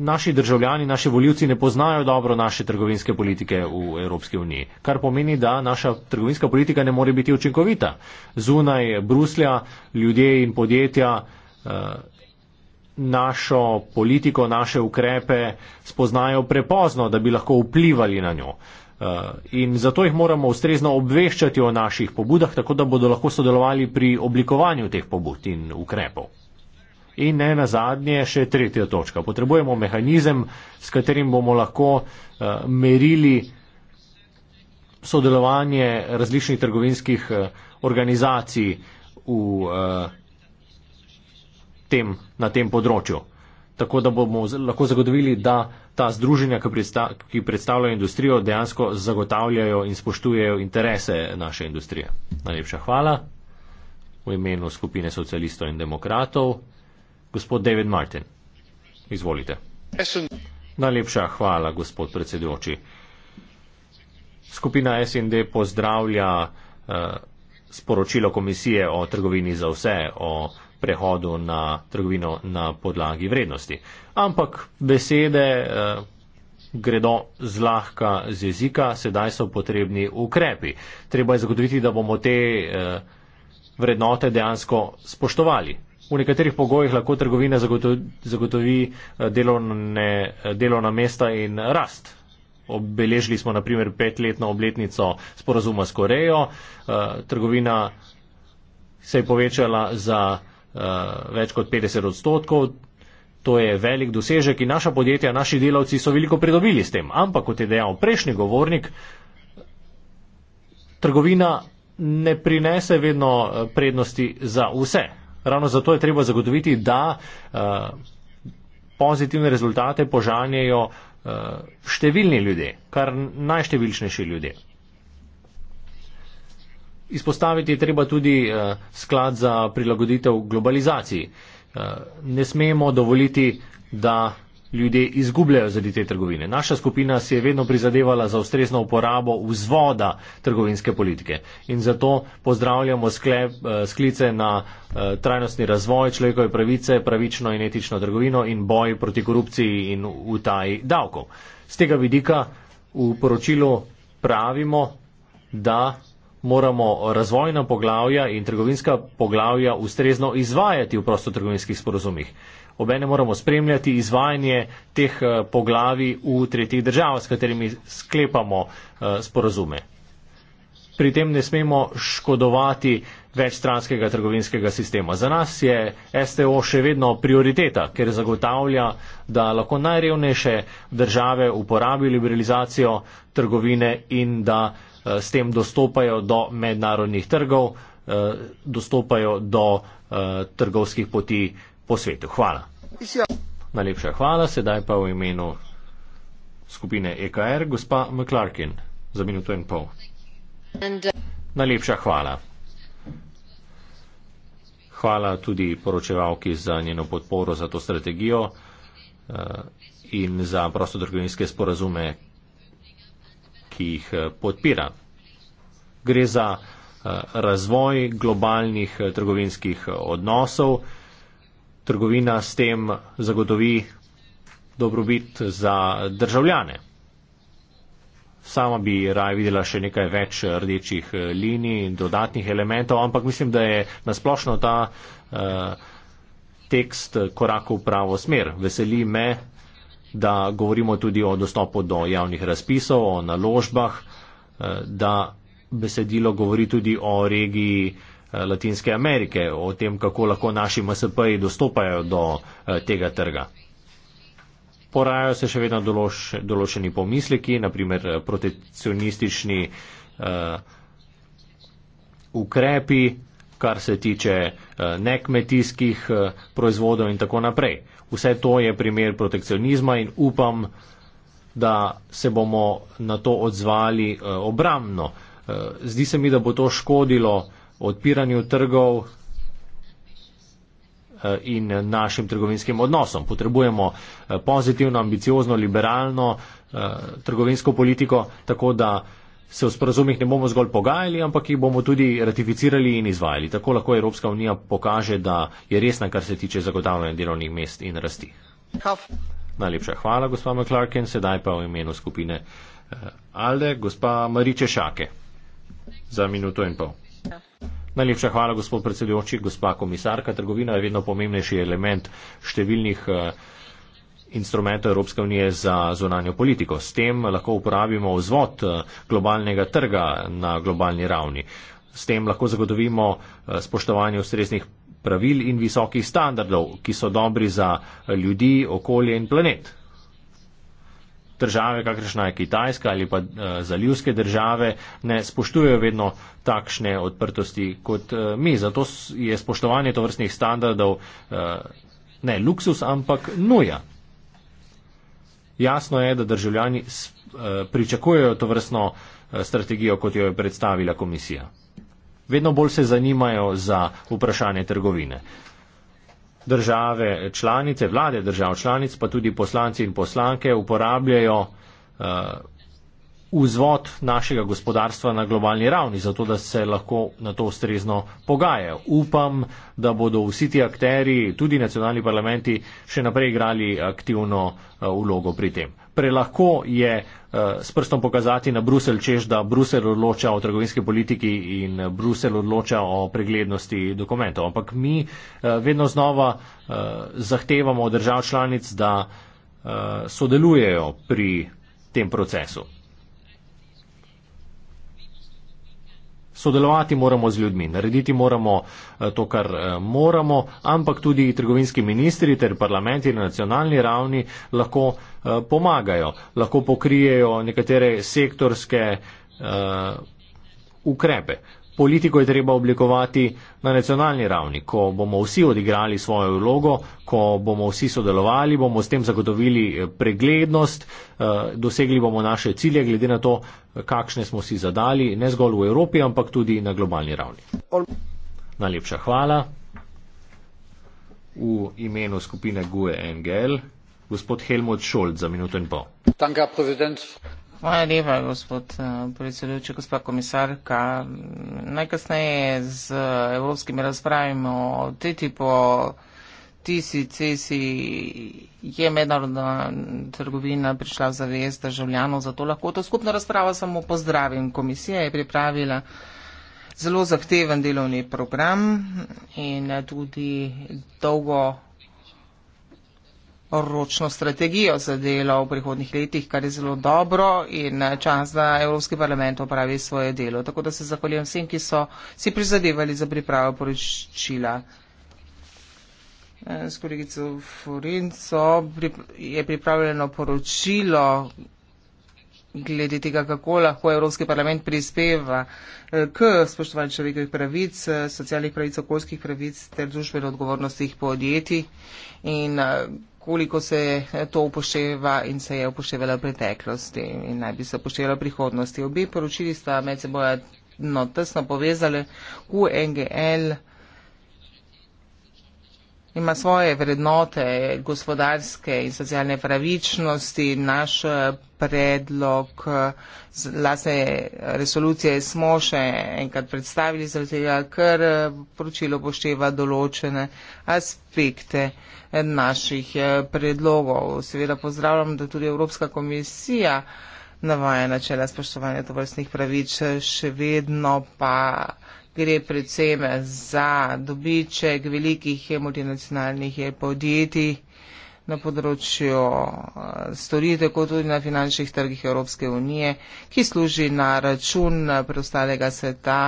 naši državljani, naši voljivci ne poznajo dobro naše trgovinske politike v Evropski uniji, kar pomeni, da naša trgovinska politika ne more biti učinkovita. Zunaj Bruslja ljudje in podjetja. Eh, našo politiko, naše ukrepe spoznajo prepozno, da bi lahko vplivali na njo. Eh, in zato jih moramo ustrezno obveščati o naših pobudah, tako da bodo lahko sodelovali pri oblikovanju teh pobud in ukrepov. In ne na zadnje, še tretja točka. Potrebujemo mehanizem, s katerim bomo lahko eh, merili sodelovanje različnih trgovinskih eh, organizacij v tem, na tem področju. Tako da bomo lahko zagotovili, da ta združenja, ki predstavljajo industrijo, dejansko zagotavljajo in spoštujejo interese naše industrije. Najlepša hvala v imenu skupine socialistov in demokratov. Gospod David Martin, izvolite. Najlepša hvala, gospod predsedujoči. Skupina SND pozdravlja. Uh, sporočilo komisije o trgovini za vse, o prehodu na trgovino na podlagi vrednosti. Ampak besede eh, gredo zlahka z jezika, sedaj so potrebni ukrepi. Treba je zagotoviti, da bomo te eh, vrednote dejansko spoštovali. V nekaterih pogojih lahko trgovina zagotovi eh, delovne, eh, delovna mesta in rast obeležili smo naprimer petletno obletnico sporazuma s Korejo, eh, trgovina se je povečala za eh, več kot 50 odstotkov. To je velik dosežek in naša podjetja, naši delavci so veliko pridobili s tem. Ampak, kot je dejal prejšnji govornik, trgovina ne prinese vedno eh, prednosti za vse. Ravno zato je treba zagotoviti, da uh, pozitivne rezultate požanjejo uh, Eh, številni ljudje, kar najštevilčnejši ljudje. Izpostaviti je treba tudi eh, sklad za prilagoditev globalizaciji. Eh, ne smemo dovoliti, da ljudje izgubljajo zaradi te trgovine. Naša skupina si je vedno prizadevala za ustrezno uporabo vzvoda trgovinske politike in zato pozdravljamo sklep, eh, sklice na eh, trajnostni razvoj človekove pravice, pravično in etično trgovino in boj proti korupciji in utaji davkov. Z tega vidika v poročilu pravimo, da moramo razvojna poglavja in trgovinska poglavja ustrezno izvajati v prostotrgovinskih sporozumih obene moramo spremljati izvajanje teh eh, poglavi v tretjih državah, s katerimi sklepamo eh, sporazume. Pri tem ne smemo škodovati večstranskega trgovinskega sistema. Za nas je STO še vedno prioriteta, ker zagotavlja, da lahko najrevnejše države uporabijo liberalizacijo trgovine in da eh, s tem dostopajo do mednarodnih trgov, dostopajo do trgovskih poti po svetu. Hvala. Najlepša hvala, sedaj pa v imenu skupine EKR, gospa McClarkin, za minuto in pol. Najlepša hvala. Hvala tudi poročevalki za njeno podporo za to strategijo eh, in za prostotrgovinske sporazume, ki jih eh, podpira. Gre za eh, razvoj globalnih trgovinskih odnosov trgovina s tem zagotovi dobrobit za državljane. Sama bi raje videla še nekaj več rdečih eh, linij in dodatnih elementov, ampak mislim, da je nasplošno ta eh, tekst korak v pravo smer. Veseli me, da govorimo tudi o dostopu do javnih razpisov, o naložbah, eh, da besedilo govori tudi o regiji eh, Eh, Latinske Amerike, o tem, kako lahko naši MSP-ji dostopajo do eh, tega trga. Porajajo se še vedno določ, določeni pomisleki, naprimer eh, protekcionistični uh, ukrepi, kar se tiče uh, nekmetijskih uh, proizvodov in tako naprej. Vse to je primer protekcionizma in upam, da se bomo na to odzvali uh, obramno. Uh, zdi se mi, da bo to škodilo uh, odpiranju trgov eh, in našim trgovinskim odnosom. Potrebujemo eh, pozitivno, ambiciozno, liberalno eh, trgovinsko politiko, tako da se v sporazumih ne bomo zgolj pogajali, ampak jih bomo tudi ratificirali in izvajali. Tako lahko Evropska unija pokaže, da je resna, kar se tiče zagotavljanja delovnih mest in rasti. Hav. Najlepša hvala, gospa McClarkin. Sedaj pa v imenu skupine Alde, gospa Mariče Šake. Za minuto in pol. Najlepša hvala, gospod predsedujoči, gospa komisarka. Trgovina je vedno pomembnejši element številnih eh, instrumentov Evropske unije za zunanjo politiko. S tem lahko uporabimo vzvod eh, globalnega trga na globalni ravni. S tem lahko zagotovimo eh, spoštovanje ustreznih pravil in visokih standardov, ki so dobri za ljudi, okolje in planet države, kakršna je Kitajska ali pa uh, zalivske države, ne spoštujejo vedno takšne odprtosti kot uh, mi. Zato je spoštovanje tovrstnih standardov uh, ne luksus, ampak nuja. Jasno je, da državljani uh, pričakujejo tovrstno uh, strategijo, kot jo je predstavila komisija. Vedno bolj se zanimajo za vprašanje trgovine države članice, vlade držav članic, pa tudi poslanci in poslanke uporabljajo eh, vzvod našega gospodarstva na globalni ravni, zato da se lahko na to ustrezno pogaje. Upam, da bodo vsi ti akteri, tudi nacionalni parlamenti, še naprej igrali aktivno eh, vlogo pri tem. Prelahko je eh, s prstom pokazati na Bruselj, češ da Bruselj odloča o trgovinski politiki in eh, Bruselj odloča o preglednosti dokumentov. Ampak mi vedno znova zahtevamo od držav članic, da sodelujejo pri tem procesu. Sodelovati moramo z ljudmi, narediti moramo eh, to, kar eh, moramo, ampak tudi trgovinski ministri ter parlamenti na nacionalni ravni lahko eh, pomagajo, lahko pokrijejo nekatere sektorske ukrepe. Politiko je treba oblikovati na nacionalni ravni. Ko bomo vsi odigrali svojo vlogo, ko bomo vsi sodelovali, bomo s tem zagotovili eh, preglednost, eh, dosegli bomo naše cilje, glede na to, kakšne smo si zadali, ne zgolj v Evropi, ampak tudi na globalni ravni. Najlepša hvala. V imenu skupine GUE NGL, gospod Helmut Scholz za minuto in pol. Hvala lepa, gospod eh, predsedujoči, gospa komisarka. Najkasneje z evropskimi razpravami o TTIP-u, TCC je mednarodna trgovina prišla v zavest državljanov, zato lahko to skupno razpravo samo pozdravim. Komisija je pripravila zelo zahteven delovni program in tudi dolgo ročno strategijo za delo v prihodnih letih, kar je zelo dobro in čas, da Evropski parlament opravi svoje delo. Tako da se zahvaljujem vsem, ki so si prizadevali za pripravo poročila. Eh, s kolegico Furinco je pripravljeno poročilo glede tega, kako lahko Evropski parlament prispeva eh, k spoštovanju človekovih pravic, eh, socialnih pravic, okoljskih pravic ter družbeno odgovornostih podjetij. In, koliko se to upošteva in se je upoštevalo v preteklosti in naj bi se upoštevalo v prihodnosti. Obe poročili sta med seboj no, tesno povezali. QNGL ima svoje vrednote gospodarske in socialne pravičnosti. Naš eh, predlog eh, lasne resolucije smo še enkrat predstavili, zaradi tega, ker eh, poročilo pošteva določene aspekte naših predlogov. Seveda pozdravljam, da tudi Evropska komisija navaja načela spoštovanja tovrstnih pravič, še vedno pa gre predvsem za dobiček velikih multinacionalnih podjetij na področju eh, storitev, kot tudi na finančnih trgih Evropske unije, ki služi na račun eh, preostalega sveta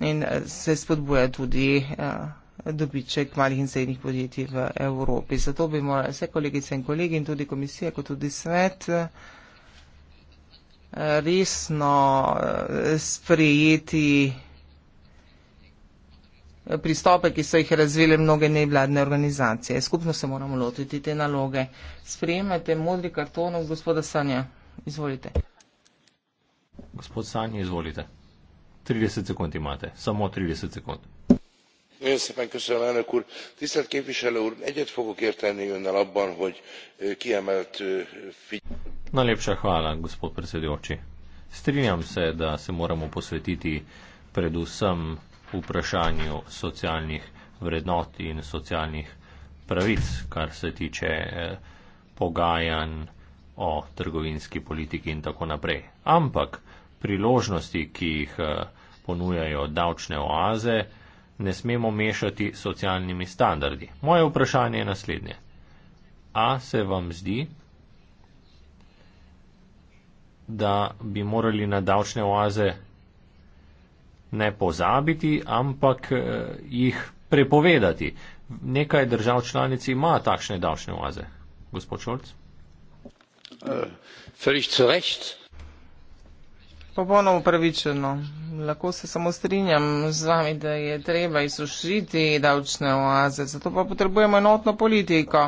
in eh, se spodbuja tudi dobiček malih in srednjih podjetij v Evropi. Zato bi morali vse kolegice in kolegi in tudi komisija, kot tudi svet, resno sprejeti pristope, ki so jih razvile mnoge nevladne organizacije. Skupno se moramo lotiti te naloge. Sprejemate modri karton od gospoda Sanja. Izvolite. Gospod Sanja, izvolite. 30 sekund imate, samo 30 sekund. Én szépen köszönöm, elnök úr. Tisztelt képviselő úr, egyet fogok érteni önnel abban, hogy kiemelt figyelmet. Nagyon köszönöm, hogy a se, da se moramo posvetiti predvsem vprašanju socialnih vrednot in socialnih pravic, kar se tiče eh, pogajanj o trgovinski politiki in tako naprej. Ampak priložnosti, ki jih eh, ponujajo davčne oaze, ne smemo mešati s socialnimi standardi. Moje vprašanje je naslednje. A se vam zdi, da bi morali na davčne oaze ne pozabiti, ampak eh, jih prepovedati. Nekaj držav članic ima takšne davčne oaze. Gospod Šolc? Uh, Popolnoma upravičeno. Lahko se samo strinjam z vami, da je treba izsušiti davčne oaze, zato pa potrebujemo enotno politiko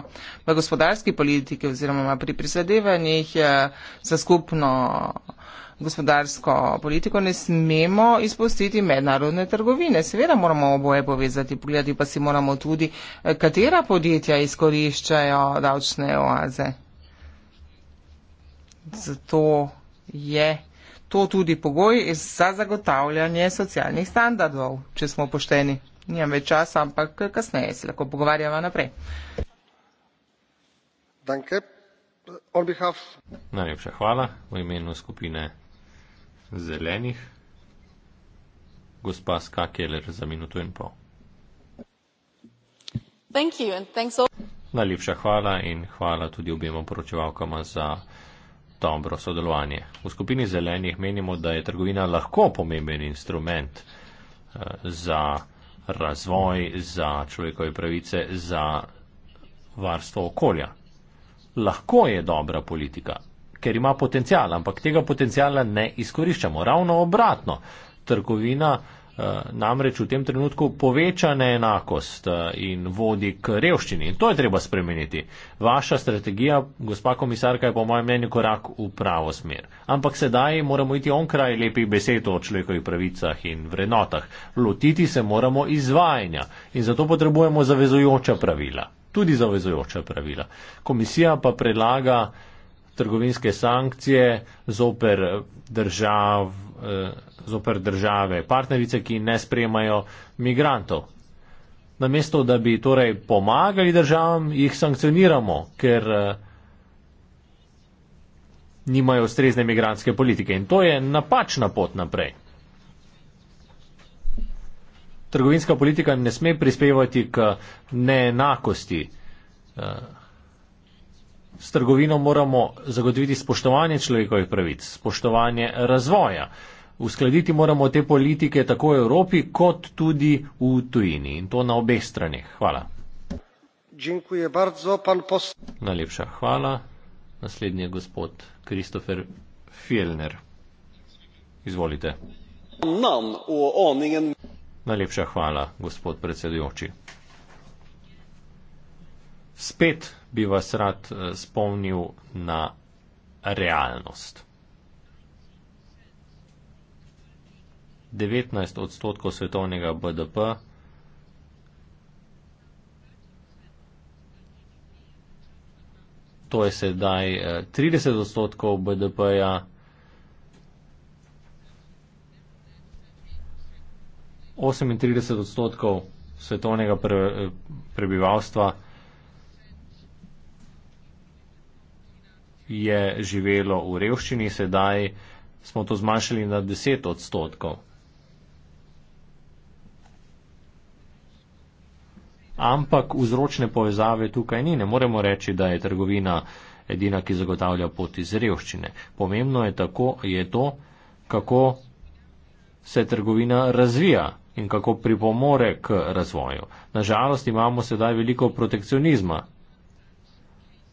v gospodarski politiki oziroma pri prizadevanjih eh, za skupno gospodarsko politiko ne smemo izpustiti mednarodne trgovine. Seveda moramo oboje povezati, pogledati pa si moramo tudi, eh, katera podjetja izkoriščajo davčne oaze. Zato je to tudi pogoj za zagotavljanje socialnih standardov, če smo pošteni. Nijem več časa, ampak kasneje se lahko pogovarjamo naprej. Najlepša hvala v imenu skupine zelenih. Gospa Ska Keller za minuto in pol. Najlepša hvala in hvala tudi obema poročevalkama za dobro sodelovanje. V skupini zelenih menimo, da je trgovina lahko pomemben instrument eh, za razvoj, za človekove pravice, za varstvo okolja. Lahko je dobra politika, ker ima potencial, ampak tega potencijala ne izkoriščamo. Ravno obratno, trgovina. Eh, namreč v tem trenutku poveča neenakost eh, in vodi k revščini. In to je treba spremeniti. Vaša strategija, gospa komisarka, je po mojem mnenju korak v pravo smer. Ampak sedaj moramo iti onkraj lepih besed o človekovih pravicah in vrednotah. Lotiti se moramo izvajanja in zato potrebujemo zavezujoča pravila. Tudi zavezujoča pravila. Komisija pa predlaga trgovinske sankcije zoper, držav, eh, zoper države partnerice, ki ne sprejemajo migrantov. Namesto, da bi torej pomagali državam, jih sankcioniramo, ker eh, nimajo ustrezne migrantske politike. In to je napačna pot naprej. Trgovinska politika ne sme prispevati k neenakosti. Eh, s trgovino moramo zagotoviti spoštovanje človekovih pravic, spoštovanje razvoja. Uskladiti moramo te politike tako v Evropi, kot tudi v tujini in to na obeh straneh. Hvala. Bardzo, pos... Najlepša hvala. Naslednji je gospod Kristofer Fjellner. Izvolite. Nam, o, o, ningen... Najlepša hvala, gospod predsedujoči spet bi vas rad eh, spomnil na realnost. 19 odstotkov svetovnega BDP To je sedaj 30 eh, odstotkov BDP-ja. Osemintrideset odstotkov svetovnega eh, prebivalstva je živelo v revščini, sedaj smo to zmanjšali na 10 odstotkov. Ampak vzročne povezave tukaj ni. Ne moremo reči, da je trgovina edina, ki zagotavlja pot iz revščine. Pomembno je, tako, je to, kako se trgovina razvija in kako pripomore k razvoju. Nažalost imamo sedaj veliko protekcionizma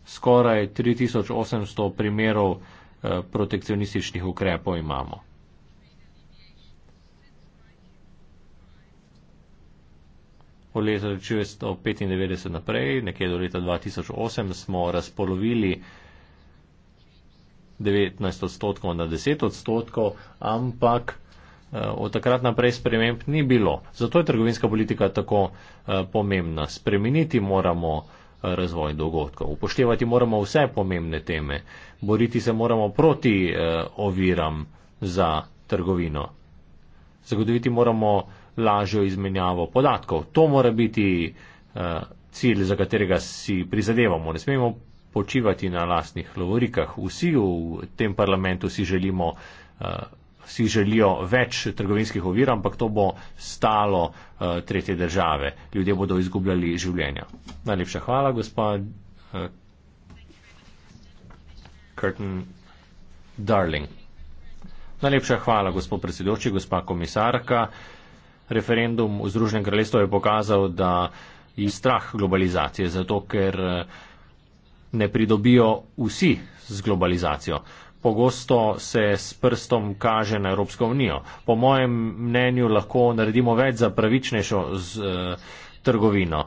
skoraj 3800 primerov eh, protekcionističnih ukrepov imamo. Od leta 1995 naprej, nekje do leta 2008, smo razpolovili 19 odstotkov na 10 odstotkov, ampak eh, od takrat naprej sprememb ni bilo. Zato je trgovinska politika tako eh, pomembna. Spremeniti moramo razvoj dogodkov. Upoštevati moramo vse pomembne teme, boriti se moramo proti eh, oviram za trgovino. Zagotoviti moramo lažjo izmenjavo podatkov. To mora biti eh, cilj, za katerega si prizadevamo. Ne smemo počivati na lastnih lovorikah. Vsi v tem parlamentu si želimo eh, si želijo več trgovinskih ovir, ampak to bo stalo uh, tretje države. Ljudje bodo izgubljali življenja. Najlepša hvala, gospa uh, Curtin Darling. Najlepša hvala, gospod predsedoči, gospa komisarka. Referendum v Združenem kraljestvu je pokazal, da je strah globalizacije, zato ker eh, ne pridobijo vsi z globalizacijo. Uh, pogosto se s prstom kaže na Evropsko unijo. Po mojem mnenju lahko naredimo več za pravičnejšo z, eh, trgovino.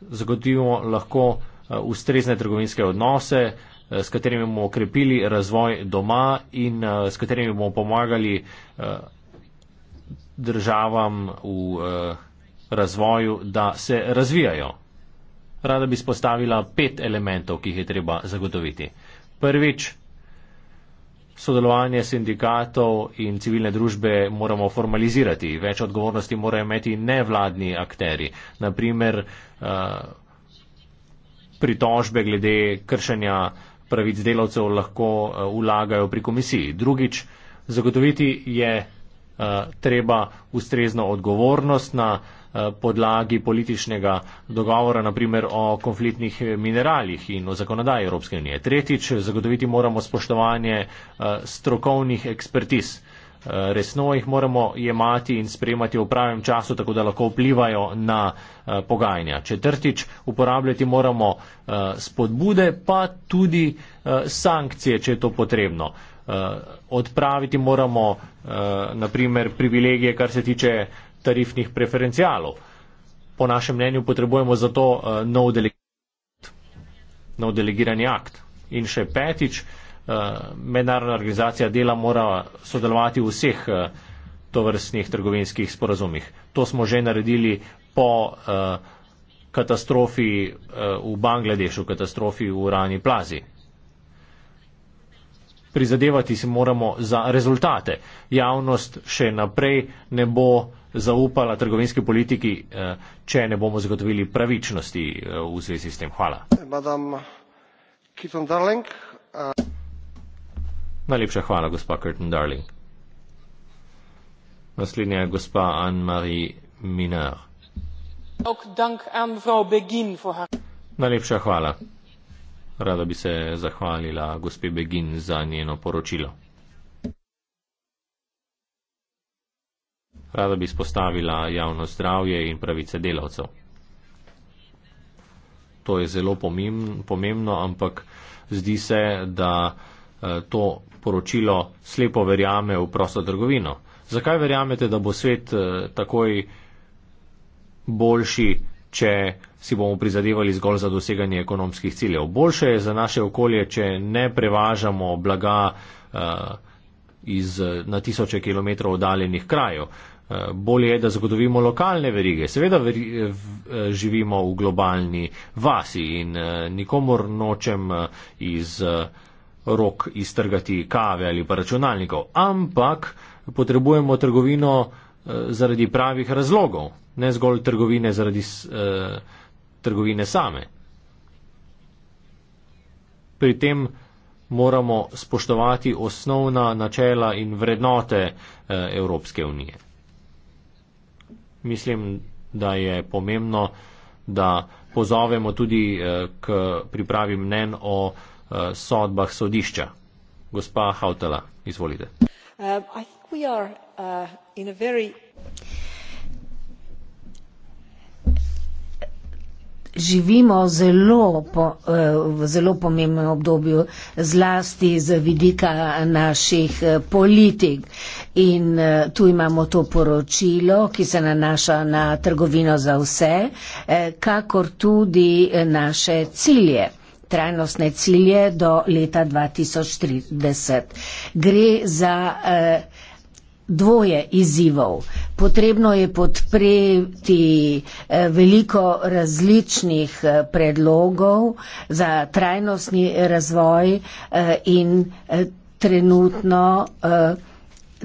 Zagotovimo lahko eh, ustrezne trgovinske odnose, eh, s katerimi bomo okrepili razvoj doma in eh, s katerimi bomo pomagali eh, državam v eh, razvoju, da se razvijajo. Rada bi spostavila pet elementov, ki jih je treba zagotoviti. Prvič, sodelovanje sindikatov in civilne družbe moramo formalizirati. Več odgovornosti morajo imeti nevladni akteri. Naprimer, eh, pritožbe glede kršenja pravic delavcev lahko ulagajo eh, pri komisiji. Drugič, zagotoviti je eh, treba ustrezno odgovornost na Eh, podlagi političnega dogovora, naprimer o konfliktnih mineralih in o zakonodaji Evropske unije. Tretjič, zagotoviti moramo spoštovanje eh, strokovnih ekspertiz. Eh, resno jih moramo jemati in sprejemati v pravem času, tako da lahko vplivajo na pogajanja. Četrtič, uporabljati moramo spodbude, pa tudi sankcije, če je to potrebno. Odpraviti moramo, naprimer, privilegije, kar se tiče tarifnih preferencijalov. Po našem mnenju potrebujemo za to eh, nov, delegir nov delegirani akt. In še petič, eh, mednarodna organizacija dela mora sodelovati v vseh eh, tovrstnih trgovinskih sporazumih. To smo že naredili po katastrofi v Bangladešu, katastrofi v Rani plazi. Prizadevati si moramo za rezultate. Javnost še naprej ne bo zaupala trgovinski politiki, eh, če ne bomo zagotovili pravičnosti eh, v zvezi s tem. Hvala. Eh. Najlepša hvala, gospa Curtin Darling. Naslednja je gospa Anne-Marie Minar. Najlepša hvala. Rada bi se zahvalila gospe Begin za njeno poročilo. rada bi spostavila javno zdravje in pravice delavcev. To je zelo pomembno, ampak zdi se, da eh, to poročilo slepo verjame v prosto trgovino. Zakaj verjamete, da bo svet eh, takoj boljši, če si bomo prizadevali zgolj za doseganje ekonomskih ciljev? Boljše je za naše okolje, če ne prevažamo blaga eh, iz, na tisoče kilometrov oddaljenih krajev. Bolje je, da zagotovimo lokalne verige. Seveda veri, v, živimo v globalni vasi in nikomor nočem iz rok iztrgati kave ali pa računalnikov, ampak potrebujemo trgovino zaradi pravih razlogov, ne zgolj trgovine zaradi eh, trgovine same. Pri tem moramo spoštovati osnovna načela in vrednote eh, Evropske unije mislim, da je pomembno, da pozovemo tudi eh, k pripravi mnen o eh, sodbah sodišča. Gospa Hautala, izvolite. Uh, uh, Živimo zelo po, eh, v zelo pomembnem obdobju, zlasti z vidika naših politik. In eh, tu imamo to poročilo, ki se nanaša na trgovino za vse, eh, kakor tudi eh, naše cilje trajnostne cilje do leta 2030. Gre za eh, dvoje izzivov. Potrebno je podpreti eh, veliko različnih eh, predlogov za trajnostni razvoj eh, in eh, trenutno eh,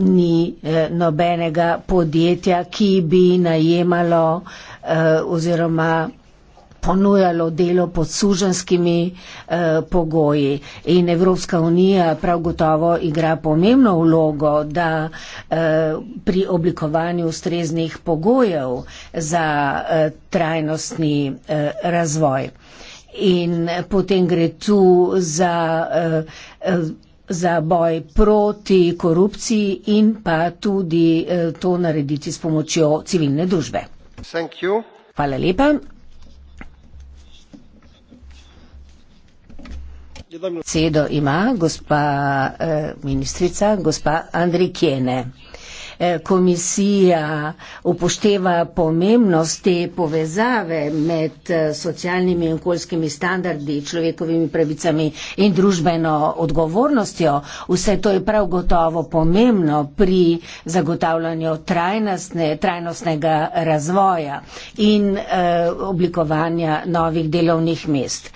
ni eh, nobenega podjetja, ki bi najemalo eh, oziroma ponujalo delo pod suženskimi eh, pogoji. In Evropska unija prav gotovo igra pomembno vlogo, da eh, pri oblikovanju ustreznih pogojev za eh, trajnostni eh, razvoj. In potem gre tu za. Eh, eh, za boj proti korupciji in pa tudi eh, to narediti s pomočjo civilne družbe. Hvala lepa. Sedo ima gospa eh, ministrica, gospa Andrikjene komisija upošteva pomembnost te povezave med eh, socialnimi in okoljskimi standardi, človekovimi pravicami in družbeno odgovornostjo, vse to je prav gotovo pomembno pri zagotavljanju trajnostne, trajnostnega razvoja in eh, oblikovanja novih delovnih mest.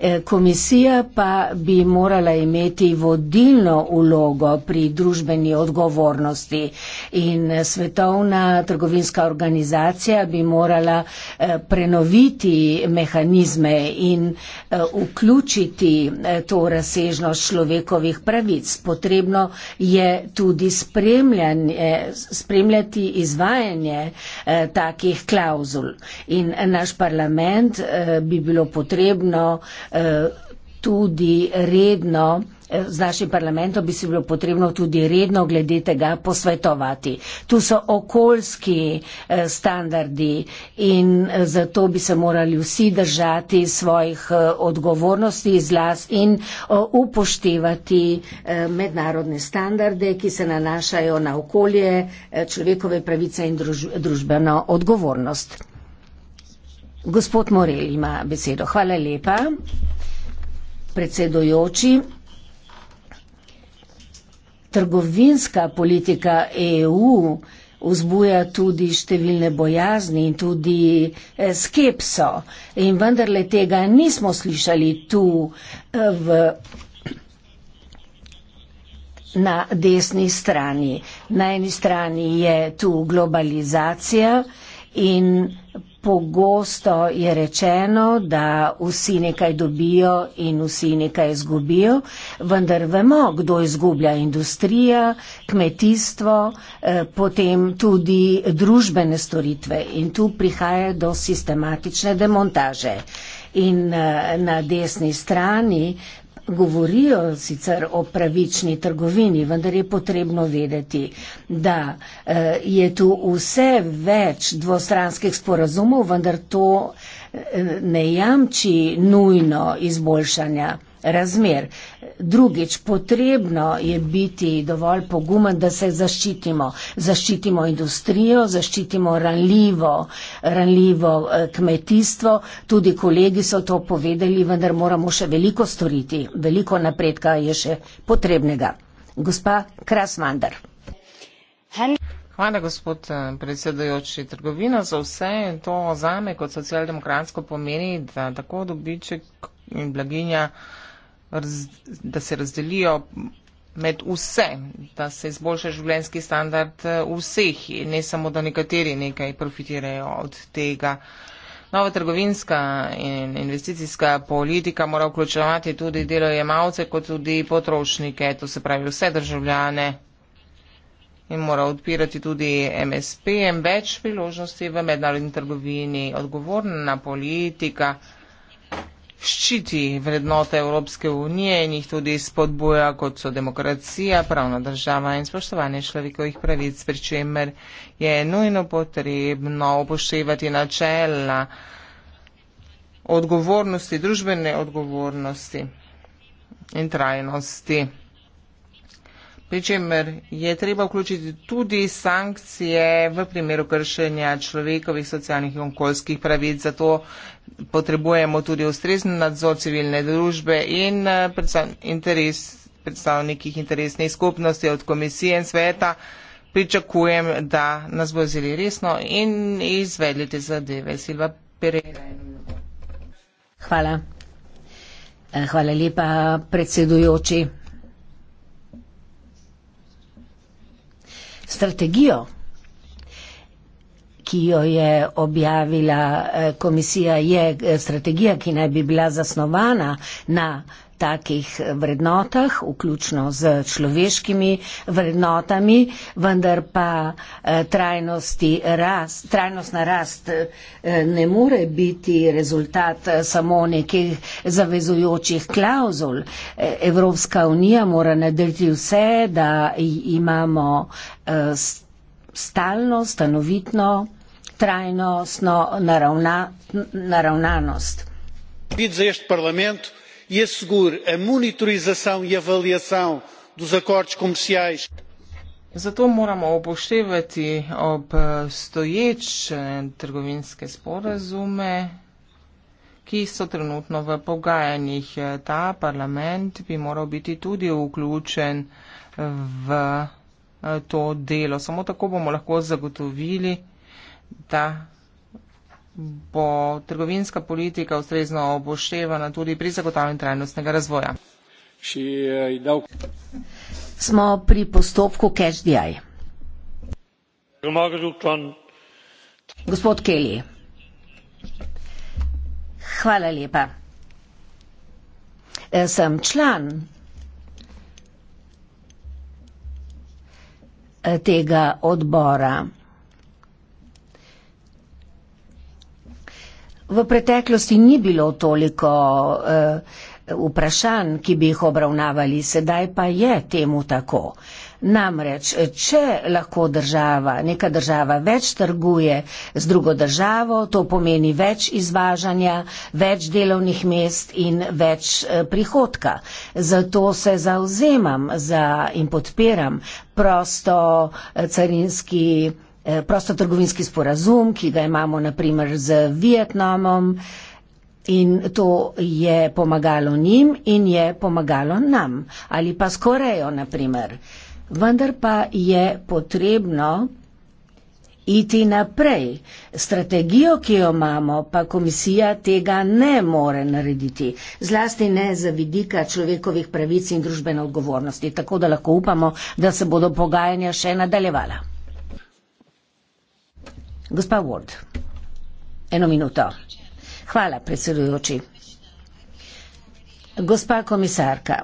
Eh, komisija pa bi morala imeti vodilno ulogo pri družbeni odgovornosti in svetovna trgovinska organizacija bi morala eh, prenoviti mehanizme in eh, vključiti to razsežnost človekovih pravic. Potrebno je tudi spremljati izvajanje takih klauzul in naš parlament bi bilo potrebno Eh, tudi redno. Eh, z našim parlamentom bi se bilo potrebno tudi redno glede tega posvetovati. Tu so okoljski eh, standardi in zato bi se morali vsi držati svojih odgovornosti iz las in upoštevati mednarodne standarde, ki se nanašajo na okolje, človekove pravice in družbeno odgovornost. Gospod Morel ima besedo. Hvala lepa, predsedojoči. Trgovinska politika EU vzbuja tudi številne bojazni in tudi eh, skepso. In vendarle tega nismo slišali tu eh, v, na desni strani. Na eni strani je tu globalizacija in Pogosto je rečeno, da vsi nekaj dobijo in vsi nekaj izgubijo, vendar vemo, kdo izgublja industrija, kmetijstvo, eh, potem tudi družbene storitve in tu prihaja do sistematične demontaže. In eh, na desni strani Govorijo sicer o pravični trgovini, vendar je potrebno vedeti, da eh, je tu vse več dvostranskih sporazumov, vendar to eh, ne jamči nujno izboljšanja razmer drugič, potrebno je biti dovolj pogumen, da se zaščitimo. Zaščitimo industrijo, zaščitimo ranljivo, ranljivo eh, kmetijstvo. Tudi kolegi so to povedali, vendar moramo še veliko storiti. Veliko napredka je še potrebnega. Gospa Krasmander. Hvala, gospod eh, predsedujoči. Trgovina za vse to zame kot socialdemokratsko pomeni, da tako dobiček in blaginja raz, da se razdelijo med vse, da se izboljša življenski standard eh, vseh, ne samo da nekateri nekaj profitirajo od tega. Nova trgovinska in investicijska politika mora vključevati tudi delojemalce, kot tudi potrošnike, to se pravi vse državljane in mora odpirati tudi MSP in več priložnosti v mednarodni trgovini. Odgovorna politika ščiti vrednote Evropske unije in jih tudi spodbuja, kot so demokracija, pravna država in spoštovanje človekovih pravic, pri čemer je nujno potrebno upoštevati načela odgovornosti, družbene odgovornosti in trajnosti pričemer je treba vključiti tudi sankcije v primeru kršenja človekovih, socialnih in okoljskih pravic. Zato potrebujemo tudi ustrezen nadzor civilne družbe in eh, interes, predstavnikih interesnih skupnosti od komisije in sveta. Pričakujem, da nas bo zeli resno in izvedli te zadeve. Silva Pereira. Hvala. Eh, hvala lepa, predsedujoči. strategijo, ki jo je objavila eh, komisija, je eh, strategija, ki naj bi bila zasnovana na takih eh, vrednotah, vključno z človeškimi vrednotami, vendar pa rast, trajnostna rast ne more biti rezultat samo nekih zavezujočih klauzul. Evropska unija mora narediti vse, da imamo stalno, stanovitno trajnostno naravna, naravnanost. Bem-vindos a este Parlamento e assegure a monitorização e avaliação dos acordos comerciais. Zato moramo upoštevati ob stoječe trgovinske sporazume, ki so trenutno v pogajanjih. Ta parlament bi moral biti tudi vključen v to delo. Samo tako bomo lahko zagotovili da bo trgovinska politika ustrezno oboštevana tudi pri zagotavljanju trajnostnega razvoja. Še, uh, Smo pri postopku CashDI. Gospod Kelly. Hvala lepa. Eh, sem član eh, tega odbora. V preteklosti ni bilo toliko uh, vprašanj, ki bi jih obravnavali, sedaj pa je temu tako. Namreč, če lahko država, neka država več trguje z drugo državo, to pomeni več izvažanja, več delovnih mest in več eh, prihodka. Zato se zauzemam za in podpiram prosto eh, carinski. Eh, prostotrgovinski sporazum, ki ga imamo naprimer z Vietnamom in to je pomagalo njim in je pomagalo nam ali pa skorejo naprimer. Vendar pa je potrebno iti naprej. Strategijo, ki jo imamo, pa komisija tega ne more narediti. Zlasti ne za vidika človekovih pravic in družbene odgovornosti. Tako da lahko upamo, da se bodo pogajanja še nadaljevala. Gospa Ward, eno minuto. Hvala, predsedujoči. Gospa komisarka.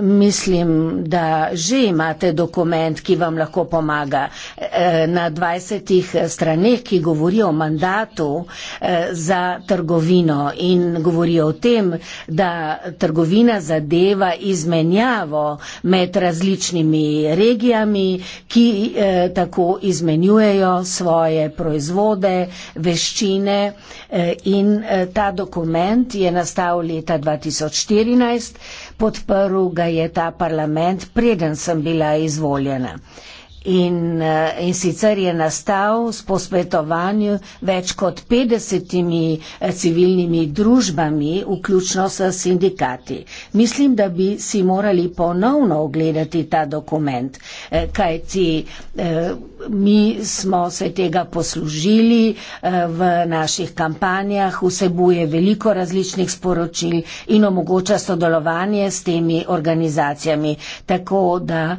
Mislim, da že imate dokument, ki vam lahko pomaga. E, na 20 straneh, ki govorijo o mandatu e, za trgovino in govorijo o tem, da trgovina zadeva izmenjavo med različnimi regijami, ki e, tako izmenjujejo svoje proizvode, veščine in ta dokument je nastal leta 2014. Podprl ga je ta parlament, preden sem bila izvoljena. In, eh, in sicer je nastal s posvetovanjem več kot 50 eh, civilnimi družbami, vključno s sindikati. Mislim, da bi si morali ponovno ogledati ta dokument, eh, kajti mi smo se tega poslužili v naših kampanjah, vsebuje veliko različnih sporočil in omogoča sodelovanje s temi organizacijami. Tako da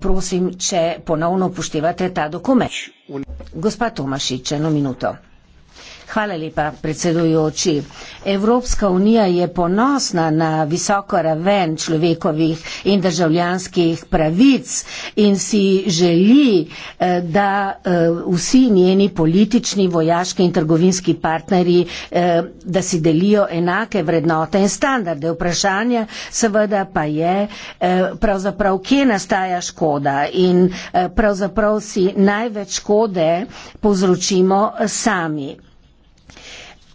prosim, če ponovno ponovno upoštevate ta dokument. Gospa Tomašič, eno minuto. Hvala lepa, predsedujoči. Evropska unija je ponosna na visoko raven človekovih in državljanskih pravic in si želi, eh, da eh, vsi njeni politični, vojaški in trgovinski partnerji, eh, da si delijo enake vrednote in standarde. Vprašanje seveda pa je, pravzaprav, kje nastaja škoda in pravzaprav si največ škode povzročimo sami.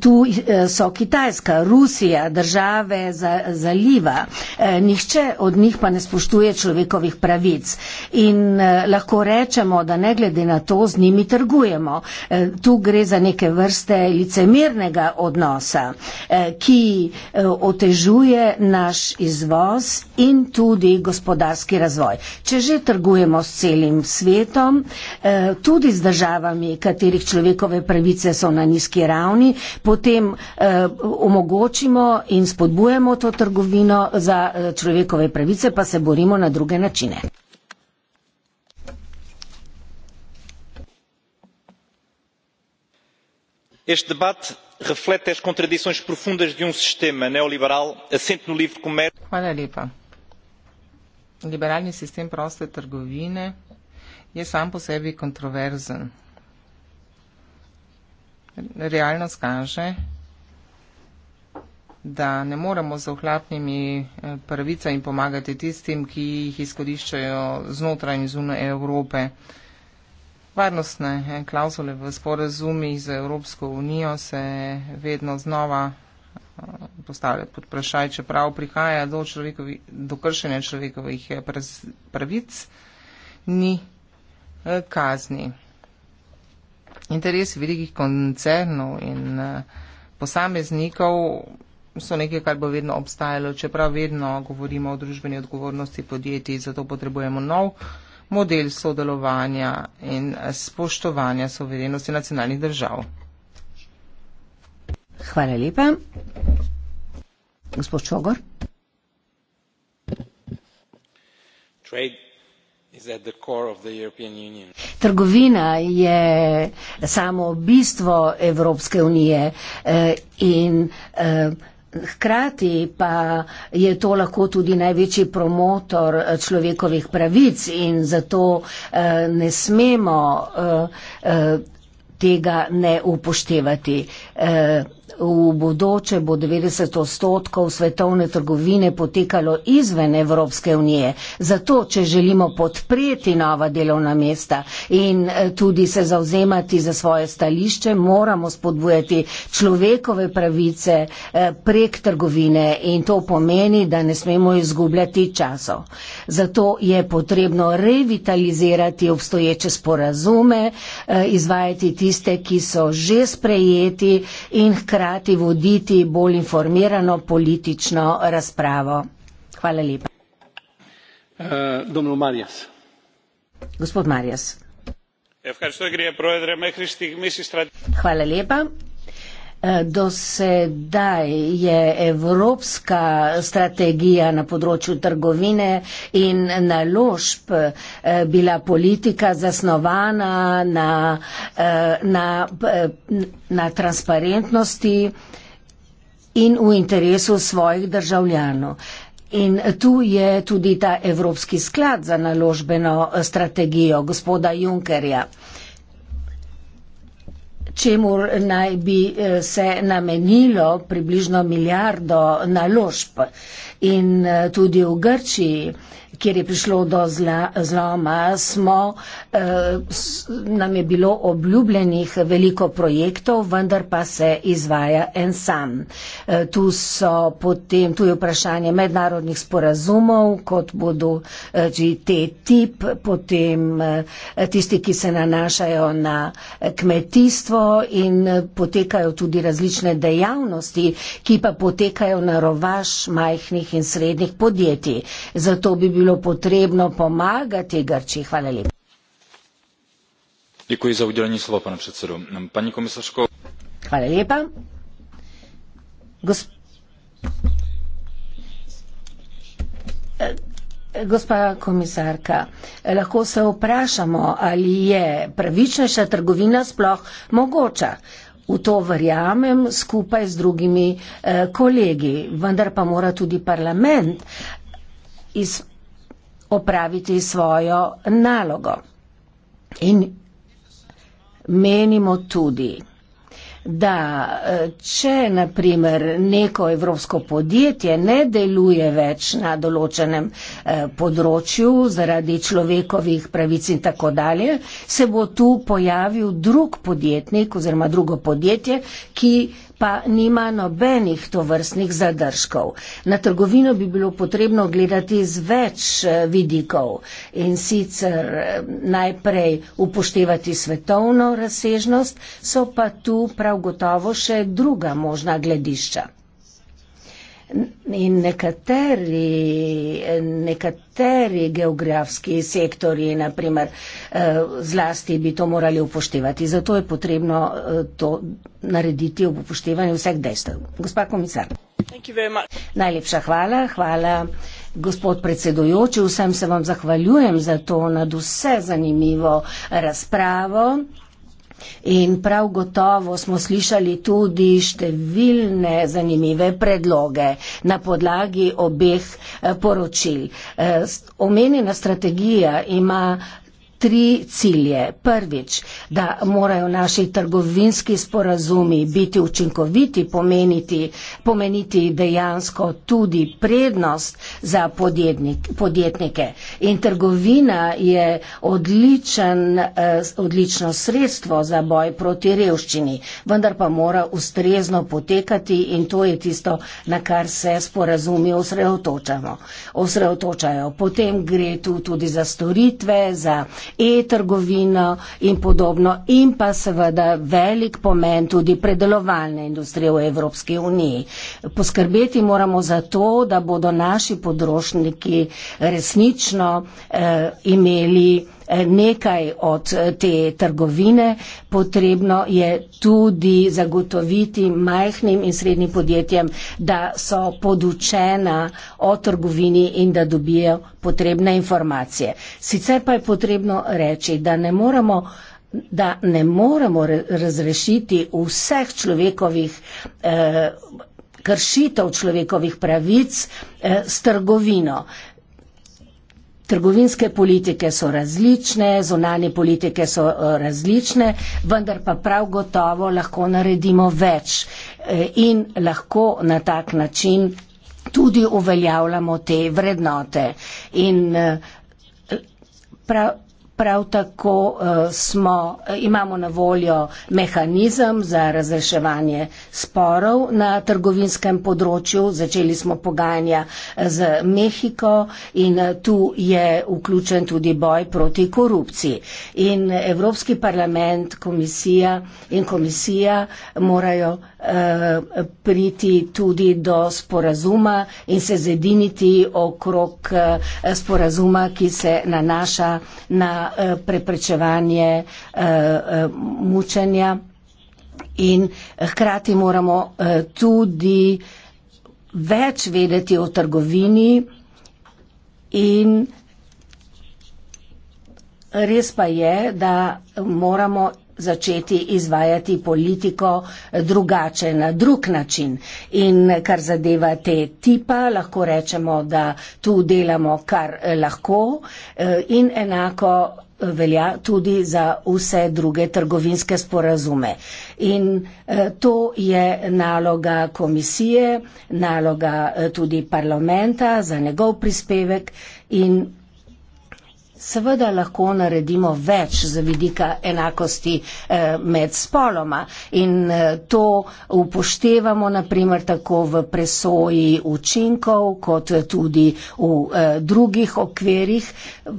Tu eh, so Kitajska, Rusija, države za, zaliva. Eh, nihče od njih pa ne spoštuje človekovih pravic. In eh, lahko rečemo, da ne glede na to z njimi trgujemo. Tu gre za neke vrste licemirnega odnosa, ki otežuje naš izvoz in tudi gospodarski razvoj. Če že trgujemo s celim svetom, tudi z državami, katerih človekove pravice so na nizki ravni, potem eh, omogočimo in spodbujemo to trgovino za eh, človekove pravice, pa se borimo na druge načine. Este debate reflete as contradições profundas de um sistema neoliberal assente no livre comércio. Hvala lepa. Liberalni sistem proste trgovine je sam po sebi kontroverzen realnost kaže, da ne moremo z ohlapnimi eh, pravicami pomagati tistim, ki jih izkoriščajo znotraj in zunaj Evrope. Varnostne eh, klauzule v sporazumih z Evropsko unijo se vedno znova eh, postavljajo pod vprašaj, čeprav prihaja do, do kršenja človekovih pravic, ni kazni interes velikih koncernov in eh, posameznikov so nekaj, kar bo vedno obstajalo, čeprav vedno govorimo o družbeni odgovornosti podjetij, zato potrebujemo nov model sodelovanja in spoštovanja soverenosti nacionalnih držav. Hvala lepa. Gospod Čogor. Trade Trgovina je samo bistvo Evropske unije eh, in eh, hkrati pa je to lahko tudi največji promotor eh, človekovih pravic in zato ne smemo tega ne upoštevati v bodoče bo 90 odstotkov svetovne trgovine potekalo izven Evropske unije. Zato, če želimo podpreti nova delovna mesta in eh, tudi se zauzemati za svoje stališče, moramo spodbujati človekove pravice eh, prek trgovine in to pomeni, da ne smemo izgubljati časa. Zato je potrebno revitalizirati obstoječe sporazume, eh, izvajati tiste, ki so že sprejeti in hkrati hkrati voditi bolj informirano politično razpravo. Hvala lepa. Eh, uh, Marjas. Gospod Marjas. Hvala lepa. Eh, do sedaj je evropska strategija na področju trgovine in naložb eh, bila politika zasnovana na, eh, na, na transparentnosti in v interesu svojih državljanov. In tu je tudi ta Evropski sklad za naložbeno strategijo gospoda Junkerja čemu naj bi eh, se namenilo približno milijardo naložb in eh, tudi v Grčiji, kjer je prišlo do zla, zloma, smo, eh, nam je bilo obljubljenih veliko projektov, vendar pa se izvaja en sam. Eh, tu so potem tudi vprašanje mednarodnih sporazumov, kot bodo eh, te tip, potem eh, tisti, ki se nanašajo na eh, kmetijstvo in eh, potekajo tudi različne dejavnosti, ki pa potekajo na rovaš majhnih in srednjih podjetij. Zato bi bilo potrebno pomagati Grči. Hvala lepa. Děkuji za udělení slova, pane předsedo. Paní komisařko. Hvala lepa. Gosp... Gospa komisarka, lahko se vprašamo, ali je pravičnejša trgovina sploh mogoča. V to verjamem skupaj z drugimi eh, kolegi, vendar pa mora tudi parlament iz, opraviti svojo nalogo. In menimo tudi, da e, če naprimer neko evropsko podjetje ne deluje več na določenem e, področju zaradi človekovih pravic in tako dalje, se bo tu pojavil drug podjetnik oziroma drugo podjetje, ki pa nima nobenih tovrstnih zadržkov. Na trgovino bi bilo potrebno gledati z več eh, vidikov in sicer eh, najprej upoštevati svetovno razsežnost, so pa tu prav gotovo še druga možna gledišča. In nekateri, nekateri geografski sektori, naprimer, eh, zlasti bi to morali upoštevati. Zato je potrebno eh, to narediti ob upoštevanju vseh dejstev. Gospa komisar. Najlepša hvala. Hvala, gospod predsedujoči. Vsem se vam zahvaljujem za to nad vse zanimivo razpravo. In prav gotovo smo slišali tudi številne zanimive predloge na podlagi obeh eh, poročil. Eh, omenjena strategija ima tri cilje. Prvič, da morajo naši trgovinski sporazumi biti učinkoviti, pomeniti, pomeniti dejansko tudi prednost za podjetnik, podjetnike. In trgovina je odličen, eh, odlično sredstvo za boj proti revščini, vendar pa mora ustrezno potekati in to je tisto, na kar se sporazumi osredotočajo. Potem gre tu tudi za storitve, za e-trgovino in podobno in pa seveda velik pomen tudi predelovalne industrije v Evropski uniji. Poskrbeti moramo za to, da bodo naši področniki resnično eh, imeli Eh, nekaj od eh, te trgovine, potrebno je tudi zagotoviti majhnim in srednjim podjetjem, da so podučena o trgovini in da dobijo potrebne informacije. Sicer pa je potrebno reči, da ne moramo da ne moremo razrešiti vseh človekovih eh, kršitev človekovih pravic eh, s trgovino. Trgovinske politike so različne, zonalne politike so eh, različne, vendar pa prav gotovo lahko naredimo več eh, in lahko na tak način tudi uveljavljamo te vrednote. In eh, prav, Prav tako eh, smo, eh, imamo na voljo mehanizem za razreševanje sporov na trgovinskem področju. Začeli smo pogajanja eh, z Mehiko in tu je vključen tudi boj proti korupciji. In Evropski parlament, komisija in komisija morajo priti tudi do sporazuma in se zediniti okrog sporazuma, ki se nanaša na Eh, preprečevanje eh, eh, mučenja in hkrati moramo tudi več vedeti o trgovini in res pa je, da moramo začeti izvajati politiko drugače, na drug način. In kar zadeva te tipa, lahko rečemo, da tu delamo, kar eh, lahko eh, in enako velja tudi za vse druge trgovinske sporazume. In eh, to je naloga komisije, naloga tudi parlamenta za njegov prispevek in Seveda lahko naredimo več za vidika enakosti eh, med spoloma in eh, to upoštevamo naprimer tako v presoji učinkov kot tudi v eh, drugih okvirih,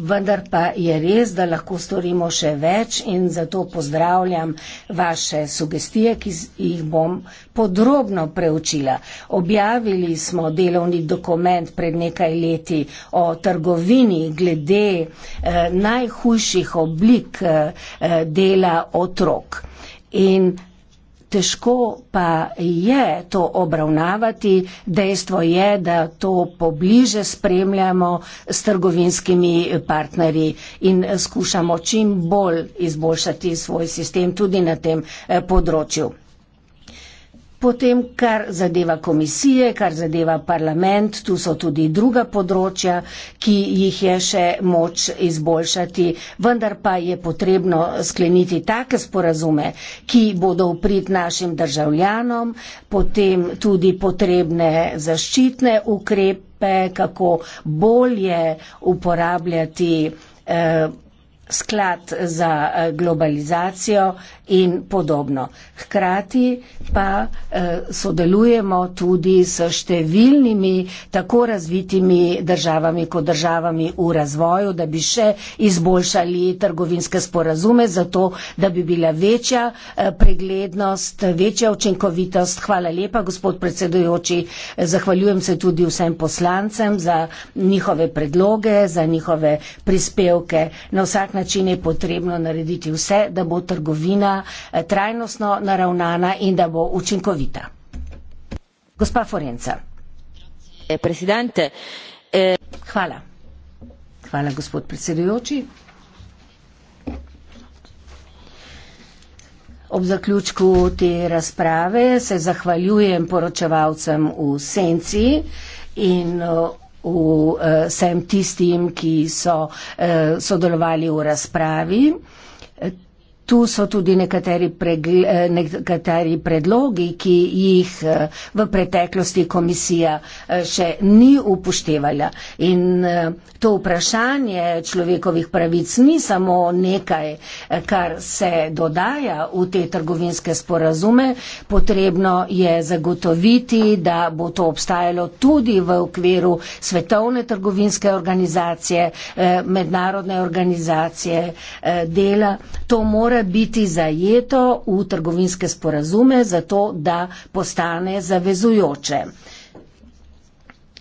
vendar pa je res, da lahko storimo še več in zato pozdravljam vaše sugestije, ki jih bom podrobno preučila. Objavili smo delovni dokument pred nekaj leti o trgovini glede Eh, najhujših oblik eh, eh, dela otrok. In težko pa je to obravnavati, dejstvo je, da to pobliže spremljamo s trgovinskimi partnerji in skušamo čim bolj izboljšati svoj sistem tudi na tem področju. Potem, kar zadeva komisije, kar zadeva parlament, tu so tudi druga področja, ki jih je še moč izboljšati, vendar pa je potrebno skleniti take sporazume, ki bodo v prid našim državljanom, potem tudi potrebne zaščitne ukrepe, kako bolje uporabljati. Eh, sklad za eh, globalizacijo in podobno. Hkrati pa eh, sodelujemo tudi s številnimi tako razvitimi državami kot državami v razvoju, da bi še izboljšali trgovinske sporazume, zato da bi bila večja eh, preglednost, večja učinkovitost. Hvala lepa, gospod predsedujoči. Zahvaljujem se tudi vsem poslancem za njihove predloge, za njihove prispevke. Na vsak način je potrebno narediti vse, da bo trgovina eh, trajnostno naravnana in da bo učinkovita. Gospa Forenca. Eh, presidente. Eh, Hvala. Hvala, gospod predsedujoči. Ob zaključku te razprave se zahvaljujem poročevalcem v senci in vsem eh, tistim, ki so eh, sodelovali v razpravi. Tu so tudi nekateri, pregle, eh, nekateri predlogi, ki jih eh, v preteklosti komisija eh, še ni upoštevala. In to vprašanje človekovih pravic ni samo nekaj, kar se dodaja v te trgovinske sporazume. Potrebno je zagotoviti, da bo to obstajalo tudi v okviru svetovne trgovinske organizacije, mednarodne organizacije dela mora biti zajeto v trgovinske sporazume, zato da postane zavezujoče.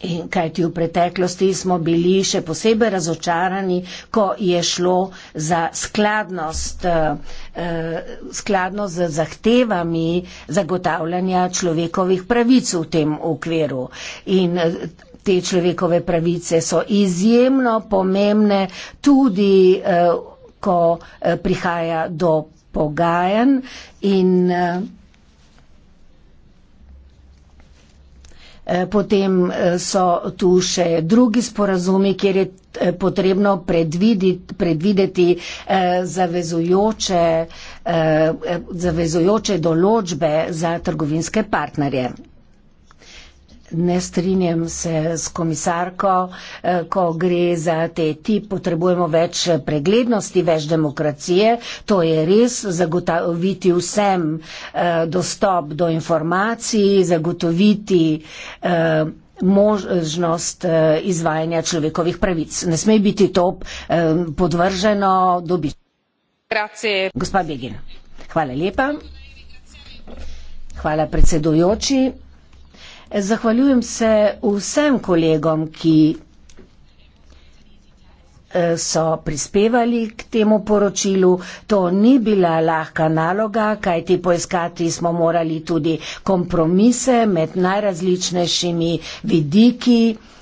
In kajti v preteklosti smo bili še posebej razočarani, ko je šlo za skladnost, eh, eh, skladnost z zahtevami zagotavljanja človekovih pravic v tem okviru. In eh, te človekove pravice so izjemno pomembne tudi. Uh, ko eh, prihaja do pogajanj in eh, eh, Potem so tu še drugi sporazumi, kjer je potrebno predvideti, predvideti zavezujoče, zavezujoče določbe za trgovinske partnerje. Ne strinjam se s komisarko, eh, ko gre za te ti, potrebujemo več preglednosti, več demokracije. To je res, zagotoviti vsem eh, dostop do informacij, zagotoviti eh, možnost izvajanja človekovih pravic. Ne sme biti to podvrženo dobičkom. Gospa Begin, hvala lepa. Hvala predsedujoči. Zahvaljujem se vsem kolegom, ki eh, so prispevali k temu poročilu. To ni bila lahka naloga, kajti poiskati smo morali tudi kompromise med najrazličnejšimi vidiki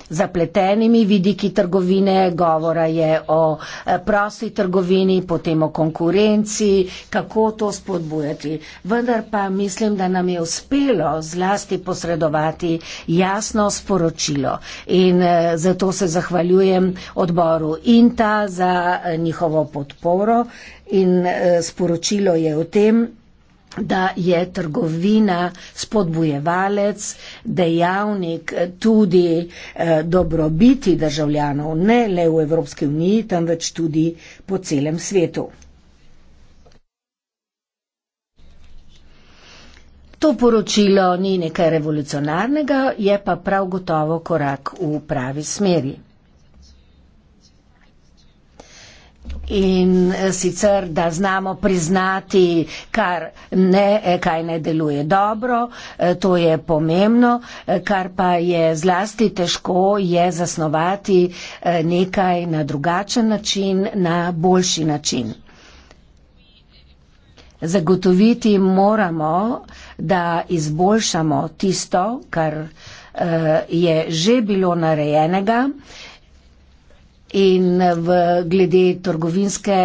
zapletenimi vidiki trgovine, govora je o eh, prosti trgovini, potem o konkurenci, kako to spodbujati. Vendar pa mislim, da nam je uspelo zlasti posredovati jasno sporočilo in eh, zato se zahvaljujem odboru INTA za eh, njihovo podporo in sporočilo je o tem, da je trgovina spodbujevalec, dejavnik tudi eh, dobrobiti državljanov, ne le v Evropski uniji, temveč tudi po celem svetu. To poročilo ni nekaj revolucionarnega, je pa prav gotovo korak v pravi smeri. in eh, sicer, da znamo priznati, kar ne, eh, kaj ne deluje dobro, eh, to je pomembno, kar pa je zlasti težko, je zasnovati nekaj na drugačen način, na boljši način. Zagotoviti moramo, da izboljšamo tisto, kar je že bilo narejenega, in v glede trgovinske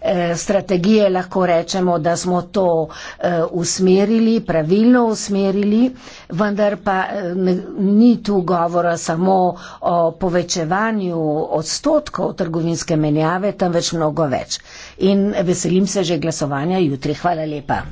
eh, strategije lahko rečemo, da smo to eh, usmerili, pravilno usmerili, vendar pa eh, ne, ni tu govora samo o povečevanju odstotkov trgovinske menjave, temveč mnogo več. In veselim se že glasovanja jutri. Hvala lepa.